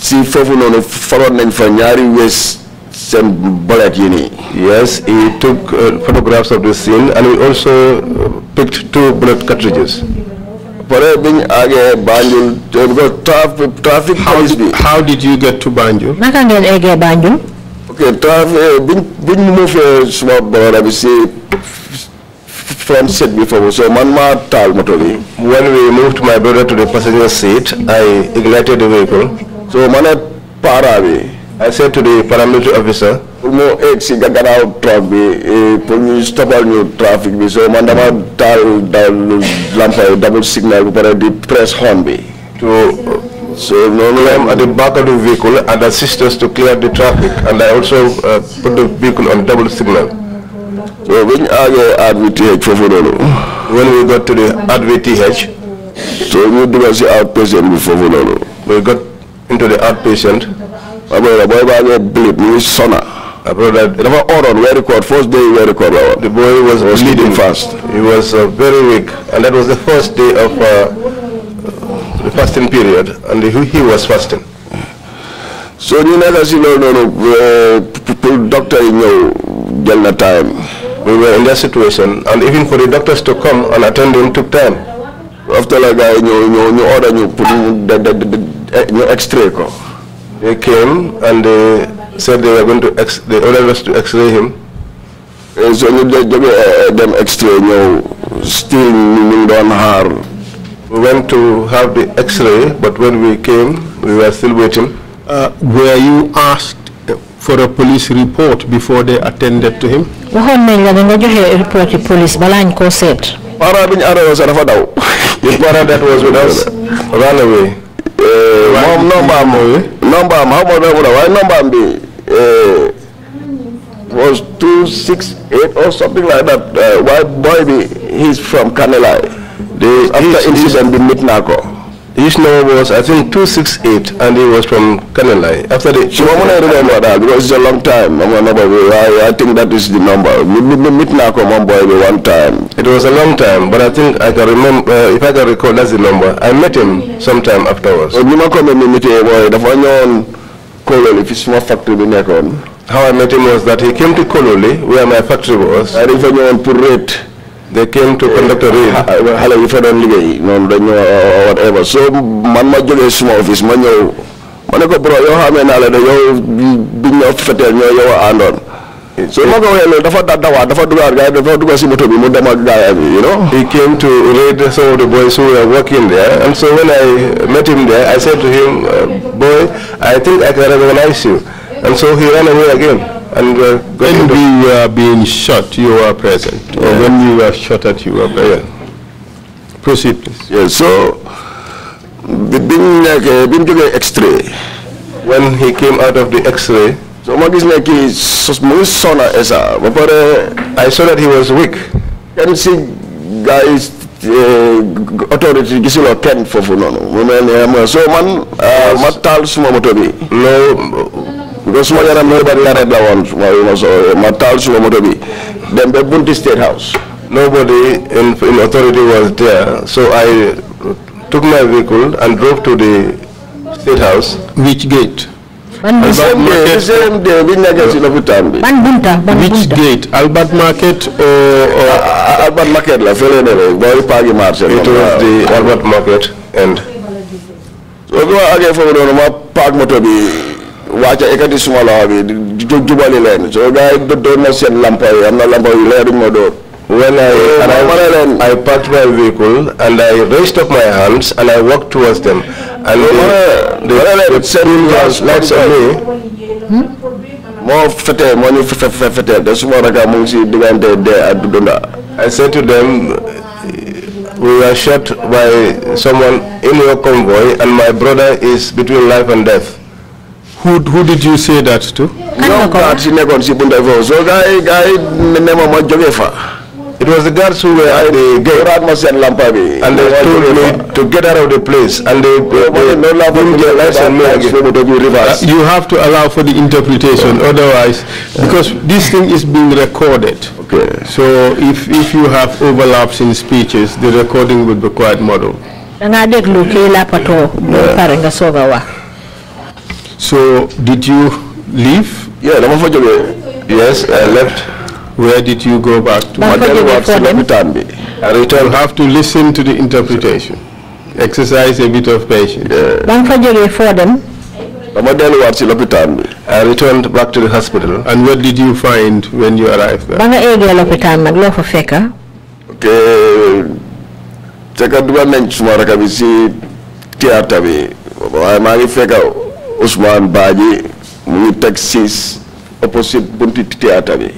si fofu nono faron nañ fa ñaari wess some bullet unit. Yes, he took uh, photographs of the scene and he also uh, picked two bullet cartridges pare bi ñu àggee Banjul trafic police bi. how did you get to Banjul. naka ngeen eggee Banjul. ok trafic eh, bi bi ñu mu fee suma boora bi si front seat bi foofu so man maa taal moto bi. when we moved my brother to the passenger seat I ignited the vehicle. so ma ne para bi. I said to the paramilitary officer, mo egg si gaganaw truck bi eh, pour ñu traffic so man dama taal daal double signal bu di press horn be. to so normally I'm at the back of the vehicle and assist us to clear the traffic and I also uh, put the vehicle on double signal. So when I go at VTH for when we got to the at VTH, so we do as the outpatient before we got into the outpatient the boy ba ge bleed ni sona abroda dafa oron we record first day we record the boy was, was bleeding fast he was uh, very weak and that was the first day of uh, the fasting period and he, he was fasting so ñu nekk si no, no, uh, pour doctor you know, during that time we were in that situation and even for the doctors to come and attend them took time after la gars yi ñëw ñëw order ñu pour ñu ñu extrait they came and they said they were going to, ex they ordered us to x-ray him. Eh, so they gave them x-ray, you know, still meaning on her. We went to have the x-ray, but when we came, we were still waiting. Uh, were you asked eh, for a police report before they attended to him? waxoon nañ la nga joxe report police balaa ñu koo seet. Para biñ arrêté sa dafa daw. Para that was with us, ran away. Eh, moom nombaam Number? Eh? How ma doon la waaye nombaam bi was two six eight or something like that eh, Why boy bi he's from Kanilai the after incident bi nit naa ko his number was, I think, 268, and he was from Kanalai. After the... So when I remember that, because it's a long time, I'm remember, I, I think that is the number. one time. It was a long time, but I think I can remember, uh, if I can recall, that's the number. I met him sometime afterwards. When oh, you come and meet him, the one Kololi, if it's my factory, we How I met him was that he came to Kololi, where my factory was. and didn't know on they came to conduct a raid. whatever so man ma jógee suma office ma ñëw ma ne ko bro yow xamee naa la de yow biñ ñoo feteel ñoo yow a so ma ko waxee loolu dafa dawaat dafa dugaat gars dafa dugal si moto bi mu dem ak gars you know. he came to raid some of the boys who were working there and so when I met him there I said to him uh, boy I think I can recognize you and so he ran away again. And when we were being shot, you were present. Or when we were shot at, you were present. Proceed, please. Yeah, so, being like, been being an X-ray. When he came out of the X-ray, so what is like his son is but I saw that he was weak. Can see guys authority gisul o kenn foofu noonu mu mel so man matal taal suma moto bi. no nga suma yaram loolu ba dina red la woon suma ma taal suma moto bi dem ba bunti state house nobody in, in authority was there so I took my vehicle and drove to the state house which gate ban bunta ban which gate Albert Market or, or ah, ah, ah, Albert Market la fële ne rek booy it was the Albert Market and so bi ma agee foofu noonu ma paag wàcce ekati suma loxo bi jubali leen so gars yi doon na seen lampa yi am lampa yu leer yu ma when I arrived, I parked my vehicle and I raised up my hands and I walked towards them. And they, they, they, they sent lights at me. I said to them, we were shot by someone in your convoy and my brother is between life and death. Who, who did you say that to? No guards in Negon So guy guy name of Jogefa. It was the guards who were at the gate. And they told me to get out of the place. And they, they, they uh, You have to allow for the interpretation. Otherwise, because this thing is being recorded. Okay. So if, if you have overlaps in speeches, the recording would be quite model. Yeah. So did you leave? Yeah, yes, I left. Where did you go back to? I returned. have to listen to the interpretation. Exercise a bit of patience. Yeah. I returned back to the hospital. And what did you find when you arrived there? Okay. Taka duba nench sumara kabisi tiata bi. Wa mari feka Ousmane Badji mu ngi six opposite bunti théâtre bi.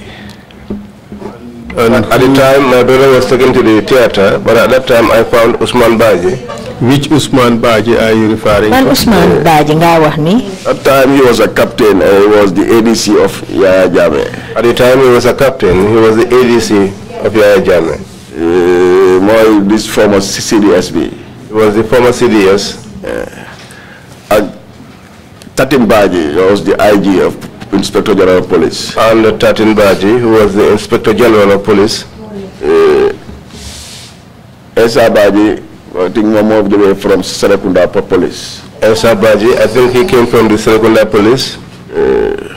at the time, my brother was taken to the theater, but at that time I found Usman Baji. Which Usman Baji are you referring Man to? Usman Baji, At that time he was a captain and he was the ADC of Yaya Jame. At the time he was a captain, he was the ADC of Yaya Jame. Uh, eh, this former CDSB. He was the former CDS. Yeah. Tatim Baji was the IG of Inspector General of Police. And uh, Tatin Baji, who was the Inspector General of Police. Uh, eh, Baji, I think more of the way from Serekunda Police. Esa Baji, I think he came from the Serekunda Police. Uh,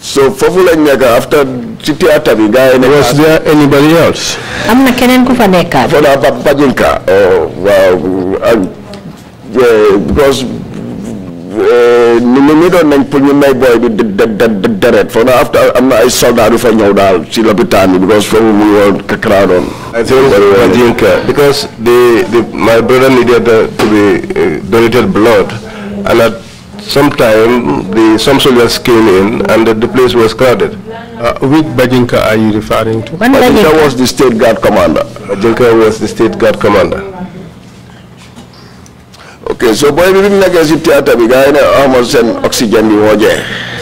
so Fofula Nyaka, after City the guy... Was there anybody else? I'm not Kenen Kufaneka. For the Pajinka, or... Oh, because li li ñu doon nañ pour ñu may booy bi deret foog naa after am na ay soldat yu fa ñëw daal ci lopitaan bi because foofu mu woon crowded I think because the the my brother needed uh, to be uh, donated blood and at some time the some soldiers came in and the place was crowded. Uh, which Bajinka are you referring to? Bajinka was the state guard commander. Bajinka was the state guard commander. Okay, so boy we didn't nake si theater because gaay na amul sen oxygen bi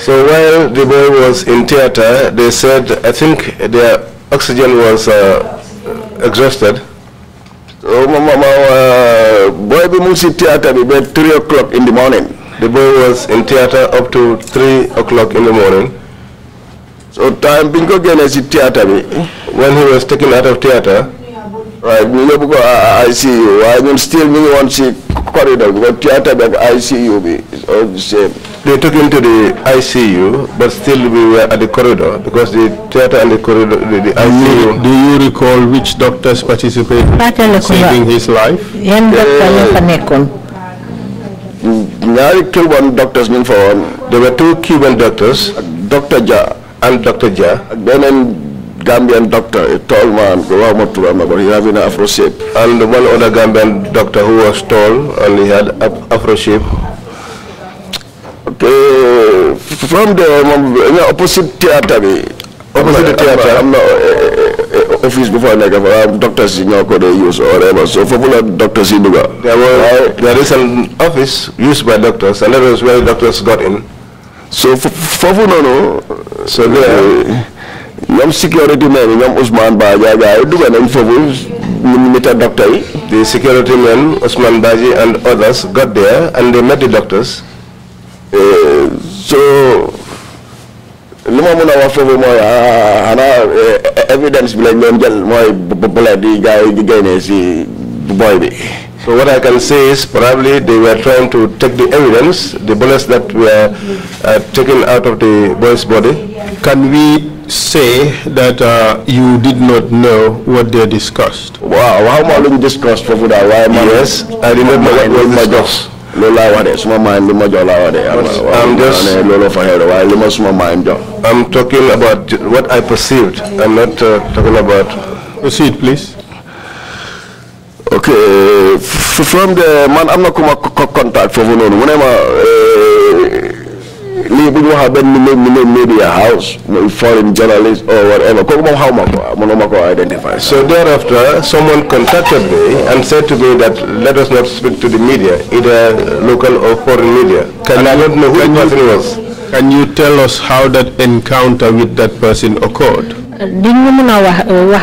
So while the boy was in theater, they said I think their oxygen was uh, exhausted. So my mama uh, boy we mu si theater bi 3 o'clock in the morning. The boy was in theater up to 3 o'clock in the morning. So time bingo again, gene si theater bi eh? when he was taken out of theater Right, I see you. I mean, still, we want to see corridor because theater of ICU is all the same. They took him to the ICU, but still we were at the corridor because the theater and the corridor, the, the ICU. Do you recall which doctors participated in saving his life? Uh, Nyari Cuban doctors mean for one. There were two Cuban doctors, Dr. Ja and Dr. Ja. Then Gambian doctor, a tall man, but he having an afro shape. And one other Gambian doctor who was tall and he had afro shape. Okay. From the opposite theater, opposite the theater, I'm not, uh, office before like I'm doctors in know, they use or whatever. So for full of doctors in Duga. There was there is an office used by doctors and that was where doctors got in. So for, for no no. So there ñoom security men ñoom Ousmane Badji gars yi dugg nañ foofu ñu nit a docteurs the security men Ousmane Baji and others got there and they met the doctors. Eh, so li ma mën a wax the mooy ah, ah, xanaa eh, evidence bi lañ doon jël mooy boy bi. So what I can say is probably they were trying to take the evidence, the bullets that were uh, taken out of the boy's body. Can we say that uh, you did not know what they discussed? Wow, how much we discussed for that? Why am I? Yes, I remember what was discussed. Lola wade, small mind, limo jola wade. I'm just Lola for head. I'm talking about what I perceived. I'm not uh, talking about. Proceed, please. Okay, F from the man, I'm not coming contact for no. Whenever. Uh, Leave bu ñu waxaa benn media house foreign journalist or whatever How moom xaw identify so thereafter someone contacted me and said to me that let us not speak to the media either local or foreign media can and I don't know who the person was can you tell us how that encounter with that person occurred di euh,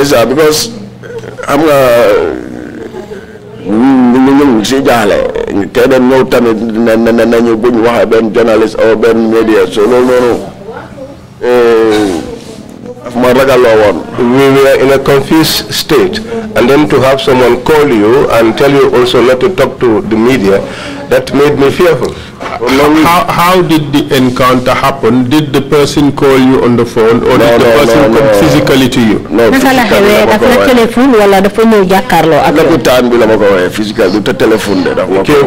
euh, euh, because xam nga ñu ñu si jaaxle te dem ñëw tamit na na nañu buñ waxee benn journaliste o benn média so loolu noonu we were in a confused state and then to have someone call you and tell you also not to talk to the media that made me fearful how, how did the encounter happen did the person call you on the phone or no, did the no, person no, come physically to you no physically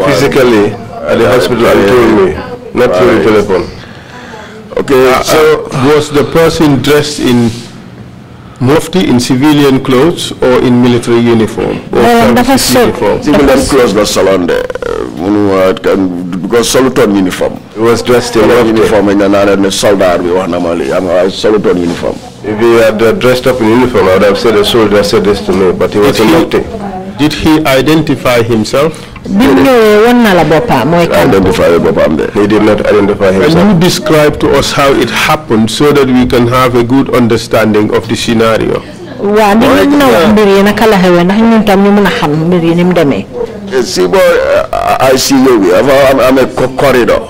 physically at the eh, hospital and told me not through the telephone Okay, uh, so uh, was the person dressed in mufti in civilian clothes or in military uniform? well, um, that was so. Even that clothes was salonde. Uh, because saluton uniform. He was dressed in a uniform and another soldier. We were normally. I'm a saluton uniform. If he had uh, dressed up in uniform, I would have said a soldier said this to me, but he was in mufti. Did he identify himself? Identify He did not identify himself. Can you describe to us how it happened so that we can have a good understanding of the scenario? Eh, see, well, ICU, uh, i I'm a corridor.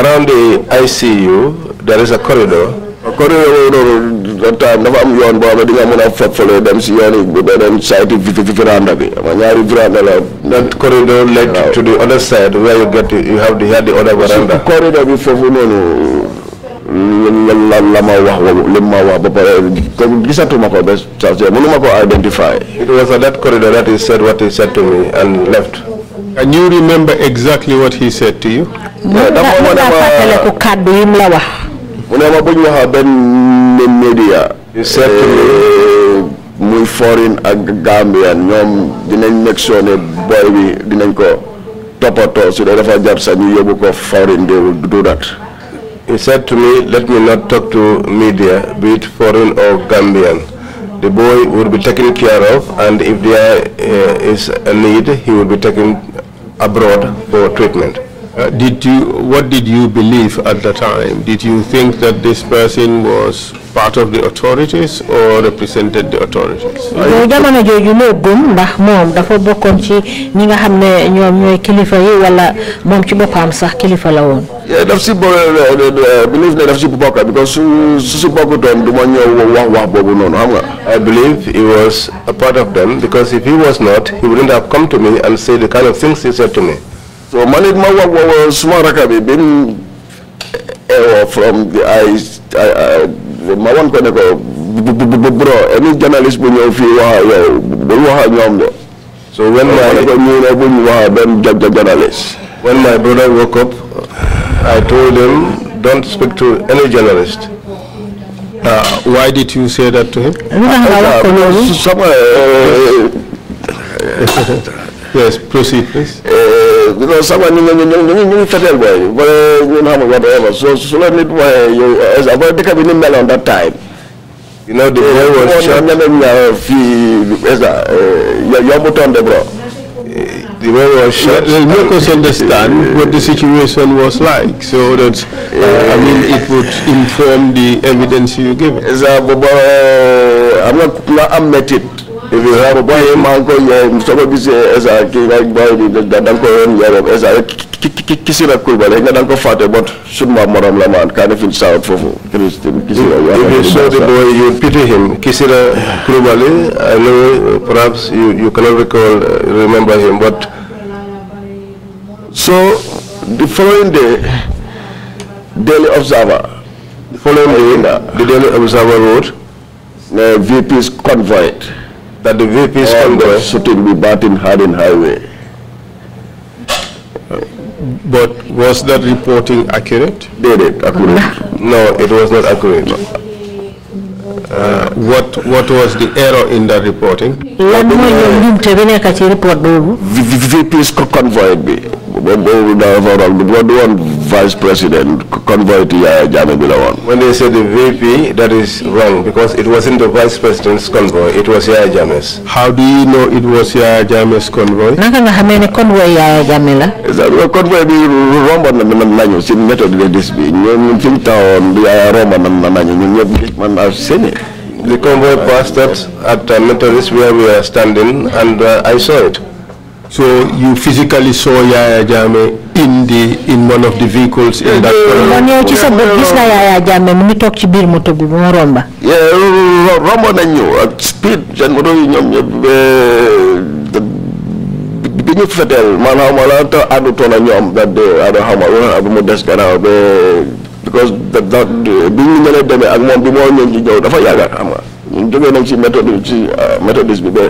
Around the ICU, there is a corridor kon loolu loolu dafa am yoon boo xam ne di nga mën a fële dem si yoon yi ba dem sayti viranda bi ama ñaari viranda corridor led to the other side where you get you have the the other veranda. corridor bi foofu noonu la la ma wax li ma wax ba pare eh, comme gisatuma ko ba saa si mënuma ko identify. it was at that corridor that he said what he said to me and left. Can you remember exactly what he said to you? Yeah, unamabonyaha benn média eh, muy foreign ak Gambian ñoom dinañ nekk soo ne boy bi dinañ ko toppatoo su dee dafa jar sax ñu yóbbu ko foreign they will do that He said to me, let me not talk to media, be it foreign or Gambian. The boy will be taken care of, and if there uh, is a need, he will be taken abroad for treatment. Uh, did you, what did you believe at the time? Did you think that this person was part of the authorities or represented the authorities? jamono jooju loo gëm ndax moom dafa bokkoon ci ñi nga xam ne ñoom ñooy kilifa yi wala moom ci boppam sax kilifa la woon. daf si bo uh, uh, believe ne daf si bokk because su su bokkutoon du ma ñëw wax wax boobu noonu xam nga. I believe he was a part of them because if he was not he wouldn't have come to me and say the kind of things he said to me. So management work was Rakabi been from the I I my one connect bro any journalist when you feel wow wow so when my journalist when my brother woke up I told him don't speak to any journalist uh, why did you say that to him? Yes, proceed, please. You know, ñu ñu ñu ñu ñu feteel booy ba ñun xamul whatever so so su la nit waxee yow avant dëkk bi ni meloon that time. you know the boy was shot. ñeneen ña fii est yombutoon de bro. the way we were shot. Let, let us understand what the situation was like, so that uh, I mean it would inform the evidence you give. Is a, I'm not, I'm not admitted if you have a boy man ko ya say as I give ga boy the da dan ko yon ya esa kisi la ko bale nga dan ko faté bot sun ma morom la man kan fi sa fofu christine kisi la if you saw the boy you pity him kisi la ko i know perhaps you you cannot recall uh, remember him but so the following day daily observer the following day the daily observer wrote the vp's convoy that the VP's Congress shouldn't be batting hard in highway. But was that reporting accurate? Did it accurate? no, it was not accurate. Uh, what what was the error in that reporting? VP's convoy one vice president convoy When they say the VP, that is wrong because it wasn't the vice president's convoy, it was Yaya Jame's. How do you know it was Yaya Jame's convoy? Naka nga xamé né convoy Yaya Jame la? Sa convoy bi rombon na nañu ci méthode de dis bi ñoom fi tawon bi Yaya rombon na nañu ñun ñep man a séné. The convoy passed at, at uh, Methodist where we are standing and uh, I saw it. So you physically saw Yaya Jammeh in the in one of the vehicles in that. man yow ci sa bopp gis mu ngi ci biir bi bu ma romba. romb nañ ñu ak speed seen moto yi ñoom ñëpp eh, bi ñu feteel maanaam wala te àndutoon ak ñoom da de xaw ma wala mu des gannaaw ba because da bi ñu mën a demee ak moom bi moo ñëw ñu ñëw dafa yàgg xam nga ñun nañ ci méthode ci euh, méthodiste bi ba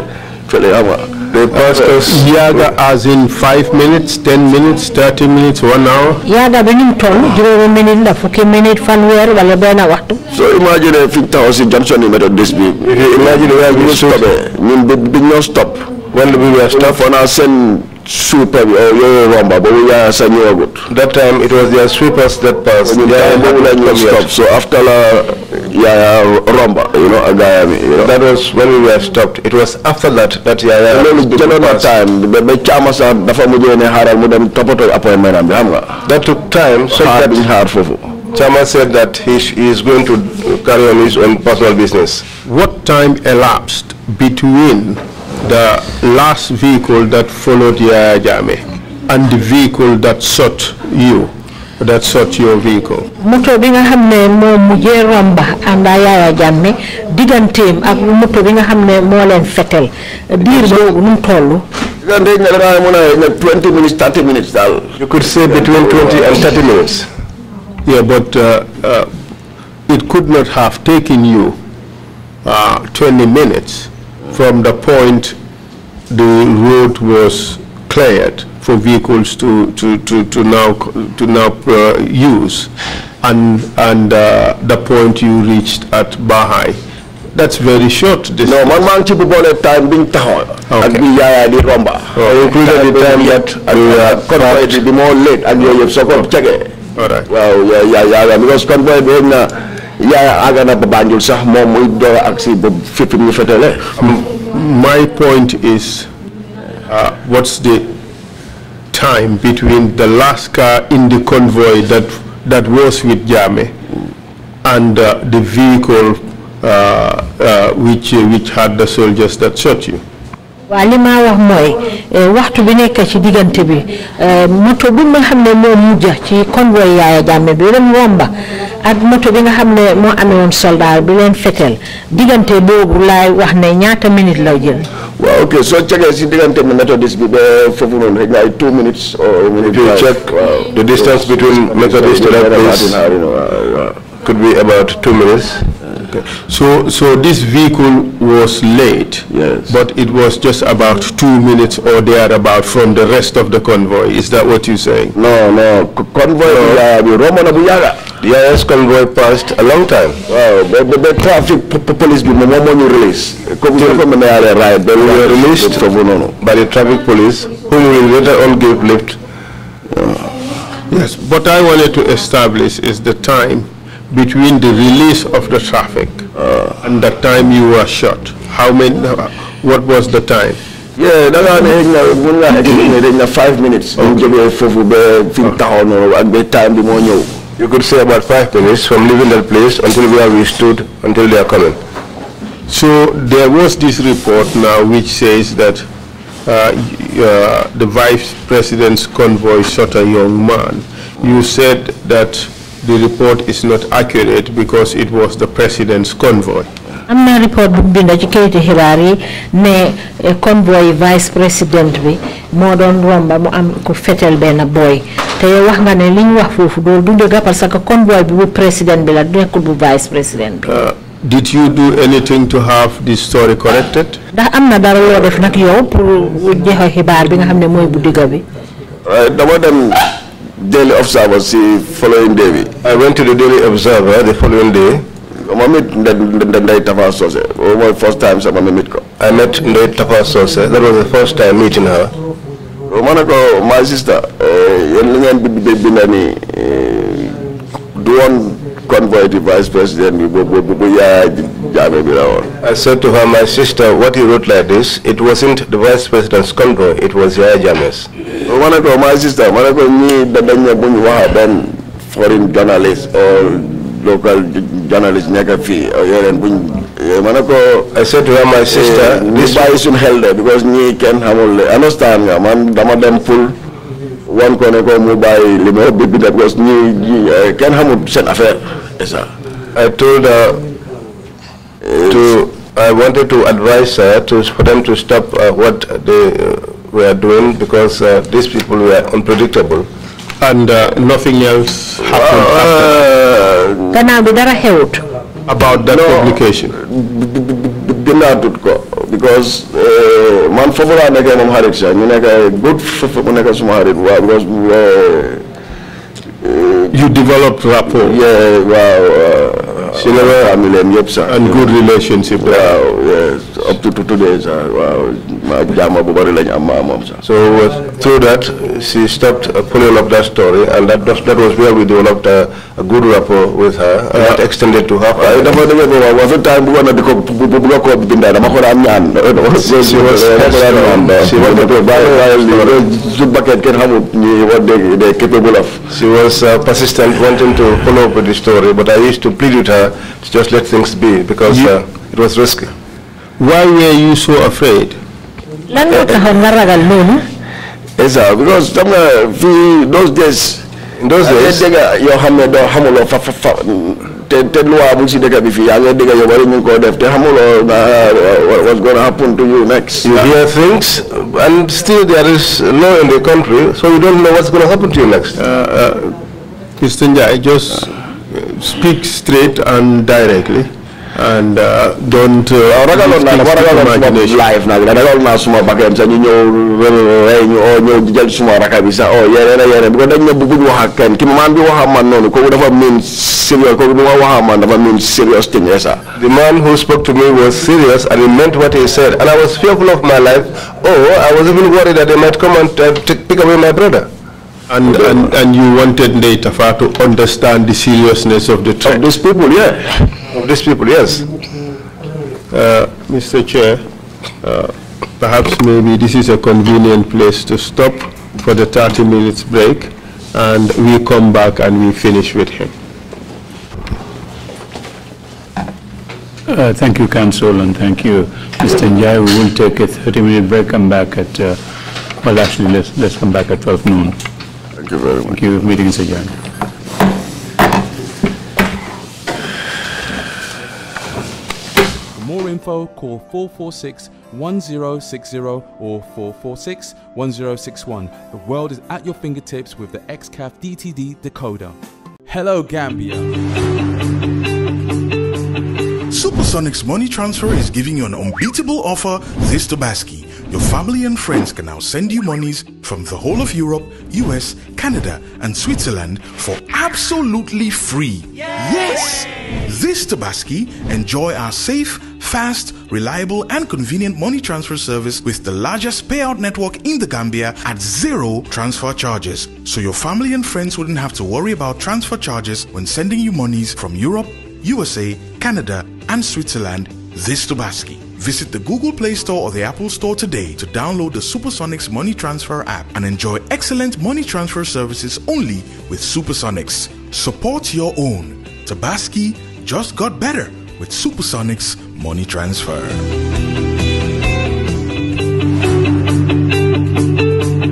fële xam They uh, passed uh, us. Yaga as in 5 minutes, 10 minutes, 30 minutes, 1 hour. Yaga benim tol, one minute la fukki minute fanwer wala ben waxtu. So imagine if it was in Johnson this big Imagine where we stop. Ñun biñ ñoo stop. When we were stop on our send sweeper or oh, rumba, but we are good. That time it was their sweepers that passed. When yeah, they would not stop. So after la yeah, rumba, you know, agayami, you know. That was when we were stopped. It was after that that yeah. And then general time, the the chamas and the family and Haram would appointment, top appointment and That took time. So hard that hard for. Chama said that he, he is going to carry on his own personal business. What time elapsed between the last vehicle that followed Yaya Jame and the vehicle that sought you, that sought your vehicle? Moto bi nga xamne mo mujjé romba and Yaya Jame digantem ak moto bi nga xamne mo len fetel dir bobu num tollu like 20 minutes 30 minutes dal you could say between 20 and 30 minutes yeah but uh, uh, it could not have taken you uh, 20 minutes from the point the road was cleared for vehicles to, to, to, to now, to now uh, use and, and uh, the point you reached at Bahai. That's very short distance. No, man man chipu bole time being town, And be yaya the rumba. Okay. Oh, including the time that we are convoy, the more late and you have so-called oh. check it. All right. Well, yeah, yeah, yeah, because convoy being uh, um, my point is uh, what's the time between the last car in the convoy that that was with Jame and uh, the vehicle uh, uh which which had the soldiers that shot you waa li ma wax mooy eh, waxtu bi nekk ci diggante bi eh, moto bi ma xam ne moo mujj ci convoy Yaya Jammeh bi leen romba ak moto bi nga xam ne moo amewoon soldat bi leen fetel diggante boobu laay wax ne ñaata minute la jël. waaw ok soo cegee si diggante méthodiste bi ba foofu noonu rek ay two minutes. or minute you check the distance between methodist to that place two minutes. Okay. So, so this vehicle was late, yes. but it was just about two minutes or thereabout from the rest of the convoy. Is that what you're saying? No, no. C convoy, no. Uh, Roman Abuyaga. Yes, convoy passed a long time. Wow. But the, the traffic police, the moment you release, come from the area, right? They were released by the traffic police, who will later on give lift. Yes, what I wanted to establish is the time between the release of the traffic and the time you were shot? How many, what was the time? Yeah, da eh, eh, 5 minutes. ñu You could say about 5 minutes from leaving that place until we are restored until they are coming. So there was this report now which says that uh, uh, the vice president's convoy shot a young man. You said that the report is not accurate because it was the president's convoy. am na report bu binda ci kayiti xibaar yi ne eh, convoy vice président bi moo doon romba am ku fetel benn boy. te yow wax nga ne li ñu wax foofu dool du dëgg parce que convoy bi bu président bi la nekkul bu vice président bi. Uh, did you do anything to have this story corrected. ndax am na dara loo def nag yow pour joxe xibaar bi nga xam ne mooy bu digga bi. Uh, dama dem. Daily Observer the following day. I went to the Daily Observer the following day. My first time I met her. I met Ndoy Tapasose. That was the first time meeting her. My sister, You do one convoy the vice president uh, I said to her, my sister, what you wrote like this, it wasn't the vice president's convoy, it was Yaya James. My sister, foreign journalists or local journalists nekk fii yoreen buñ ma eh, ne ko I said to her my eh, sister this bàyyi held because ñii can understand nga man dama one corner, ne mobile. mu bàyyi li ma yëpp ñi kenn xamul seen affaire ça. I told her uh, to I wanted to advise her uh, to for them to stop uh, what they uh, were doing because uh, these people were unpredictable. And uh, nothing else happened. Uh, after. About that no, publication. तुटको because मन फबर आने के मन हारिक सा मैंने का good मैंने का सुमार हुआ because you developed rapport yeah well uh, I mean, And good relationship. yes. Up to, to today, sir. Wow. So uh, through that, she stopped uh, pulling up that story, and that was, that was where we developed uh, a good rapport with her, and yeah. that extended to her. She was she was capable of. She was uh, persistent, wanting to pull up with the story, but I used to plead with her to just let things be because uh, it was risky. Why were you so afraid? because uh, those days, in those days, uh, uh, what's going to happen to you next. You hear things, and still there is law in the country, so you don't know what's going to happen to you next. Uh, uh, Christian, I just speak straight and directly and uh, don't uh, ragaloon naa dama ragaloon suma live nag ragaloon naa suma bakkeem sax ñu ñëw rey ñu oo oh, ñëw jël suma raka bi sax oo oh, yeneen ak yeneen bu ko dañ ne bëgguñ wax ak kenn ki man bi wax ak man noonu kooku dafa mean serious kooku bi ma wax ak man dafa mean serious thing esa the man who spoke to me was serious and he meant what he said and I was fearful of my life oh I was even worried that they might come and uh, take, pick away my brother and, and, and you wanted Neitafa to understand the seriousness of the threat? Of these people, yeah. Of these people, yes. Uh, Mr. Chair, uh, perhaps maybe this is a convenient place to stop for the 30 minutes break and we come back and we finish with him. Uh, thank you, Council, and thank you, Mr. Njai. We will take a 30-minute break, come back at, uh, well, actually, let's, let's come back at 12 noon. Thank you very much. Thank you. Meeting is adjourned. For more info, call 446 1060 or 446 1061. The world is at your fingertips with the XCAF DTD decoder. Hello, Gambia. Supersonic's money transfer is giving you an unbeatable offer this Tobaski. Your family and friends can now send you monies from the whole of Europe, US, Canada, and Switzerland for absolutely free. Yes! This Tabaski, enjoy our safe, fast, reliable, and convenient money transfer service with the largest payout network in the Gambia at zero transfer charges. So your family and friends wouldn't have to worry about transfer charges when sending you monies from Europe, USA, Canada, and Switzerland. This Tabaski. Visit the Google Play Store or the Apple Store today to download the Supersonics Money Transfer app and enjoy excellent money transfer services only with Supersonics. Support your own. Tabaski just got better with Supersonics Money Transfer.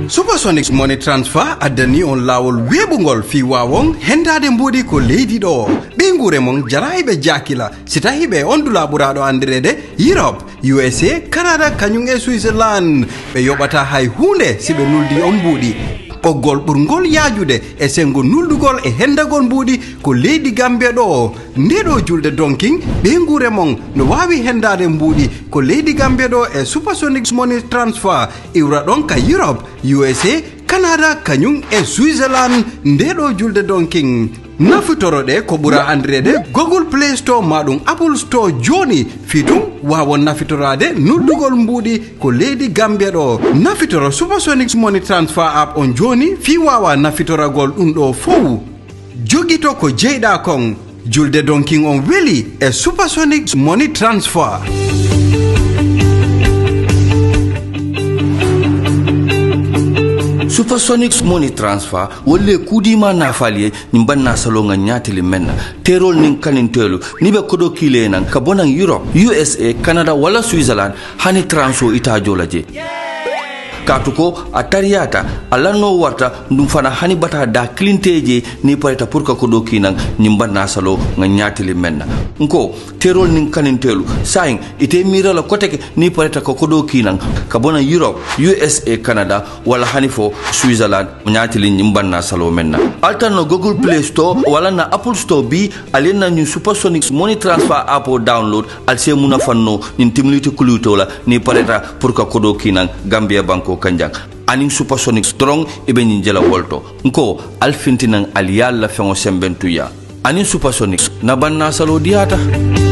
Supersonic's money transfer addani on lawol weɓugol fi wawon hendade ko leydi ɗo guure mon jarayɓe jakila si tawi ɓe on dula ɓuraɗo andirede europe usa canada kañum e switzerland ɓe yoɓata hay hunde siɓe nuldi on mbuuɗi ɓoggol ɓurgol yaajude e sengo nuldugol e hendagol mbuuɗi ko leydi gambe ɗo nde ɗo julde donkin ɓe guure mon no wawi hendade mbuuɗi ko leydi gambe ɗo e supersonic money transfer iwra ɗon ka europe usa canada kañum e switzerland ndeɗo julde donking nafitoroɗe ko ɓura andirede google play store maɗum apple store joni fitum wawon nafitorade noddugol mbuuɗi ko leydi gambia ɗo nafitoro supersonics money transfer app on joni fi wawa nafitoragol ɗum ɗo fof jogito ko jeyɗa kon julde donking on weeli e supersonics money transfer supersonic money transfer wolle kudima nafal ye nin banna salonga ñaatili men na terol nin kaninteelu ni be kodo kiile nan ka bonan europe usa canada wala switzerland hani transfer ita jola je yeah! katuko ko a tariyata a lanno warta ndum fana hani bata da kilinteje ni pareta pour ka ko do kinan ñim banna salo nga ñaatili menna nko terol nin kanintelu sayin ite mirala koteke ni pareta ko ko do kinan ka bona europe usa canada wala hani fo switzerland ñaatili ñim banna salo menna alterno google play store wala na apple store bi alena na ñun supersonic money transfer app download alse se muna fanno ñin timliti kulitola ni pareta pour ka ko do kinan gambia banko kanjang anin supersonic strong ibe nyin jela wolto nko alfintinan aliyalla fengo sembentuya anin supersonic na banna salo diata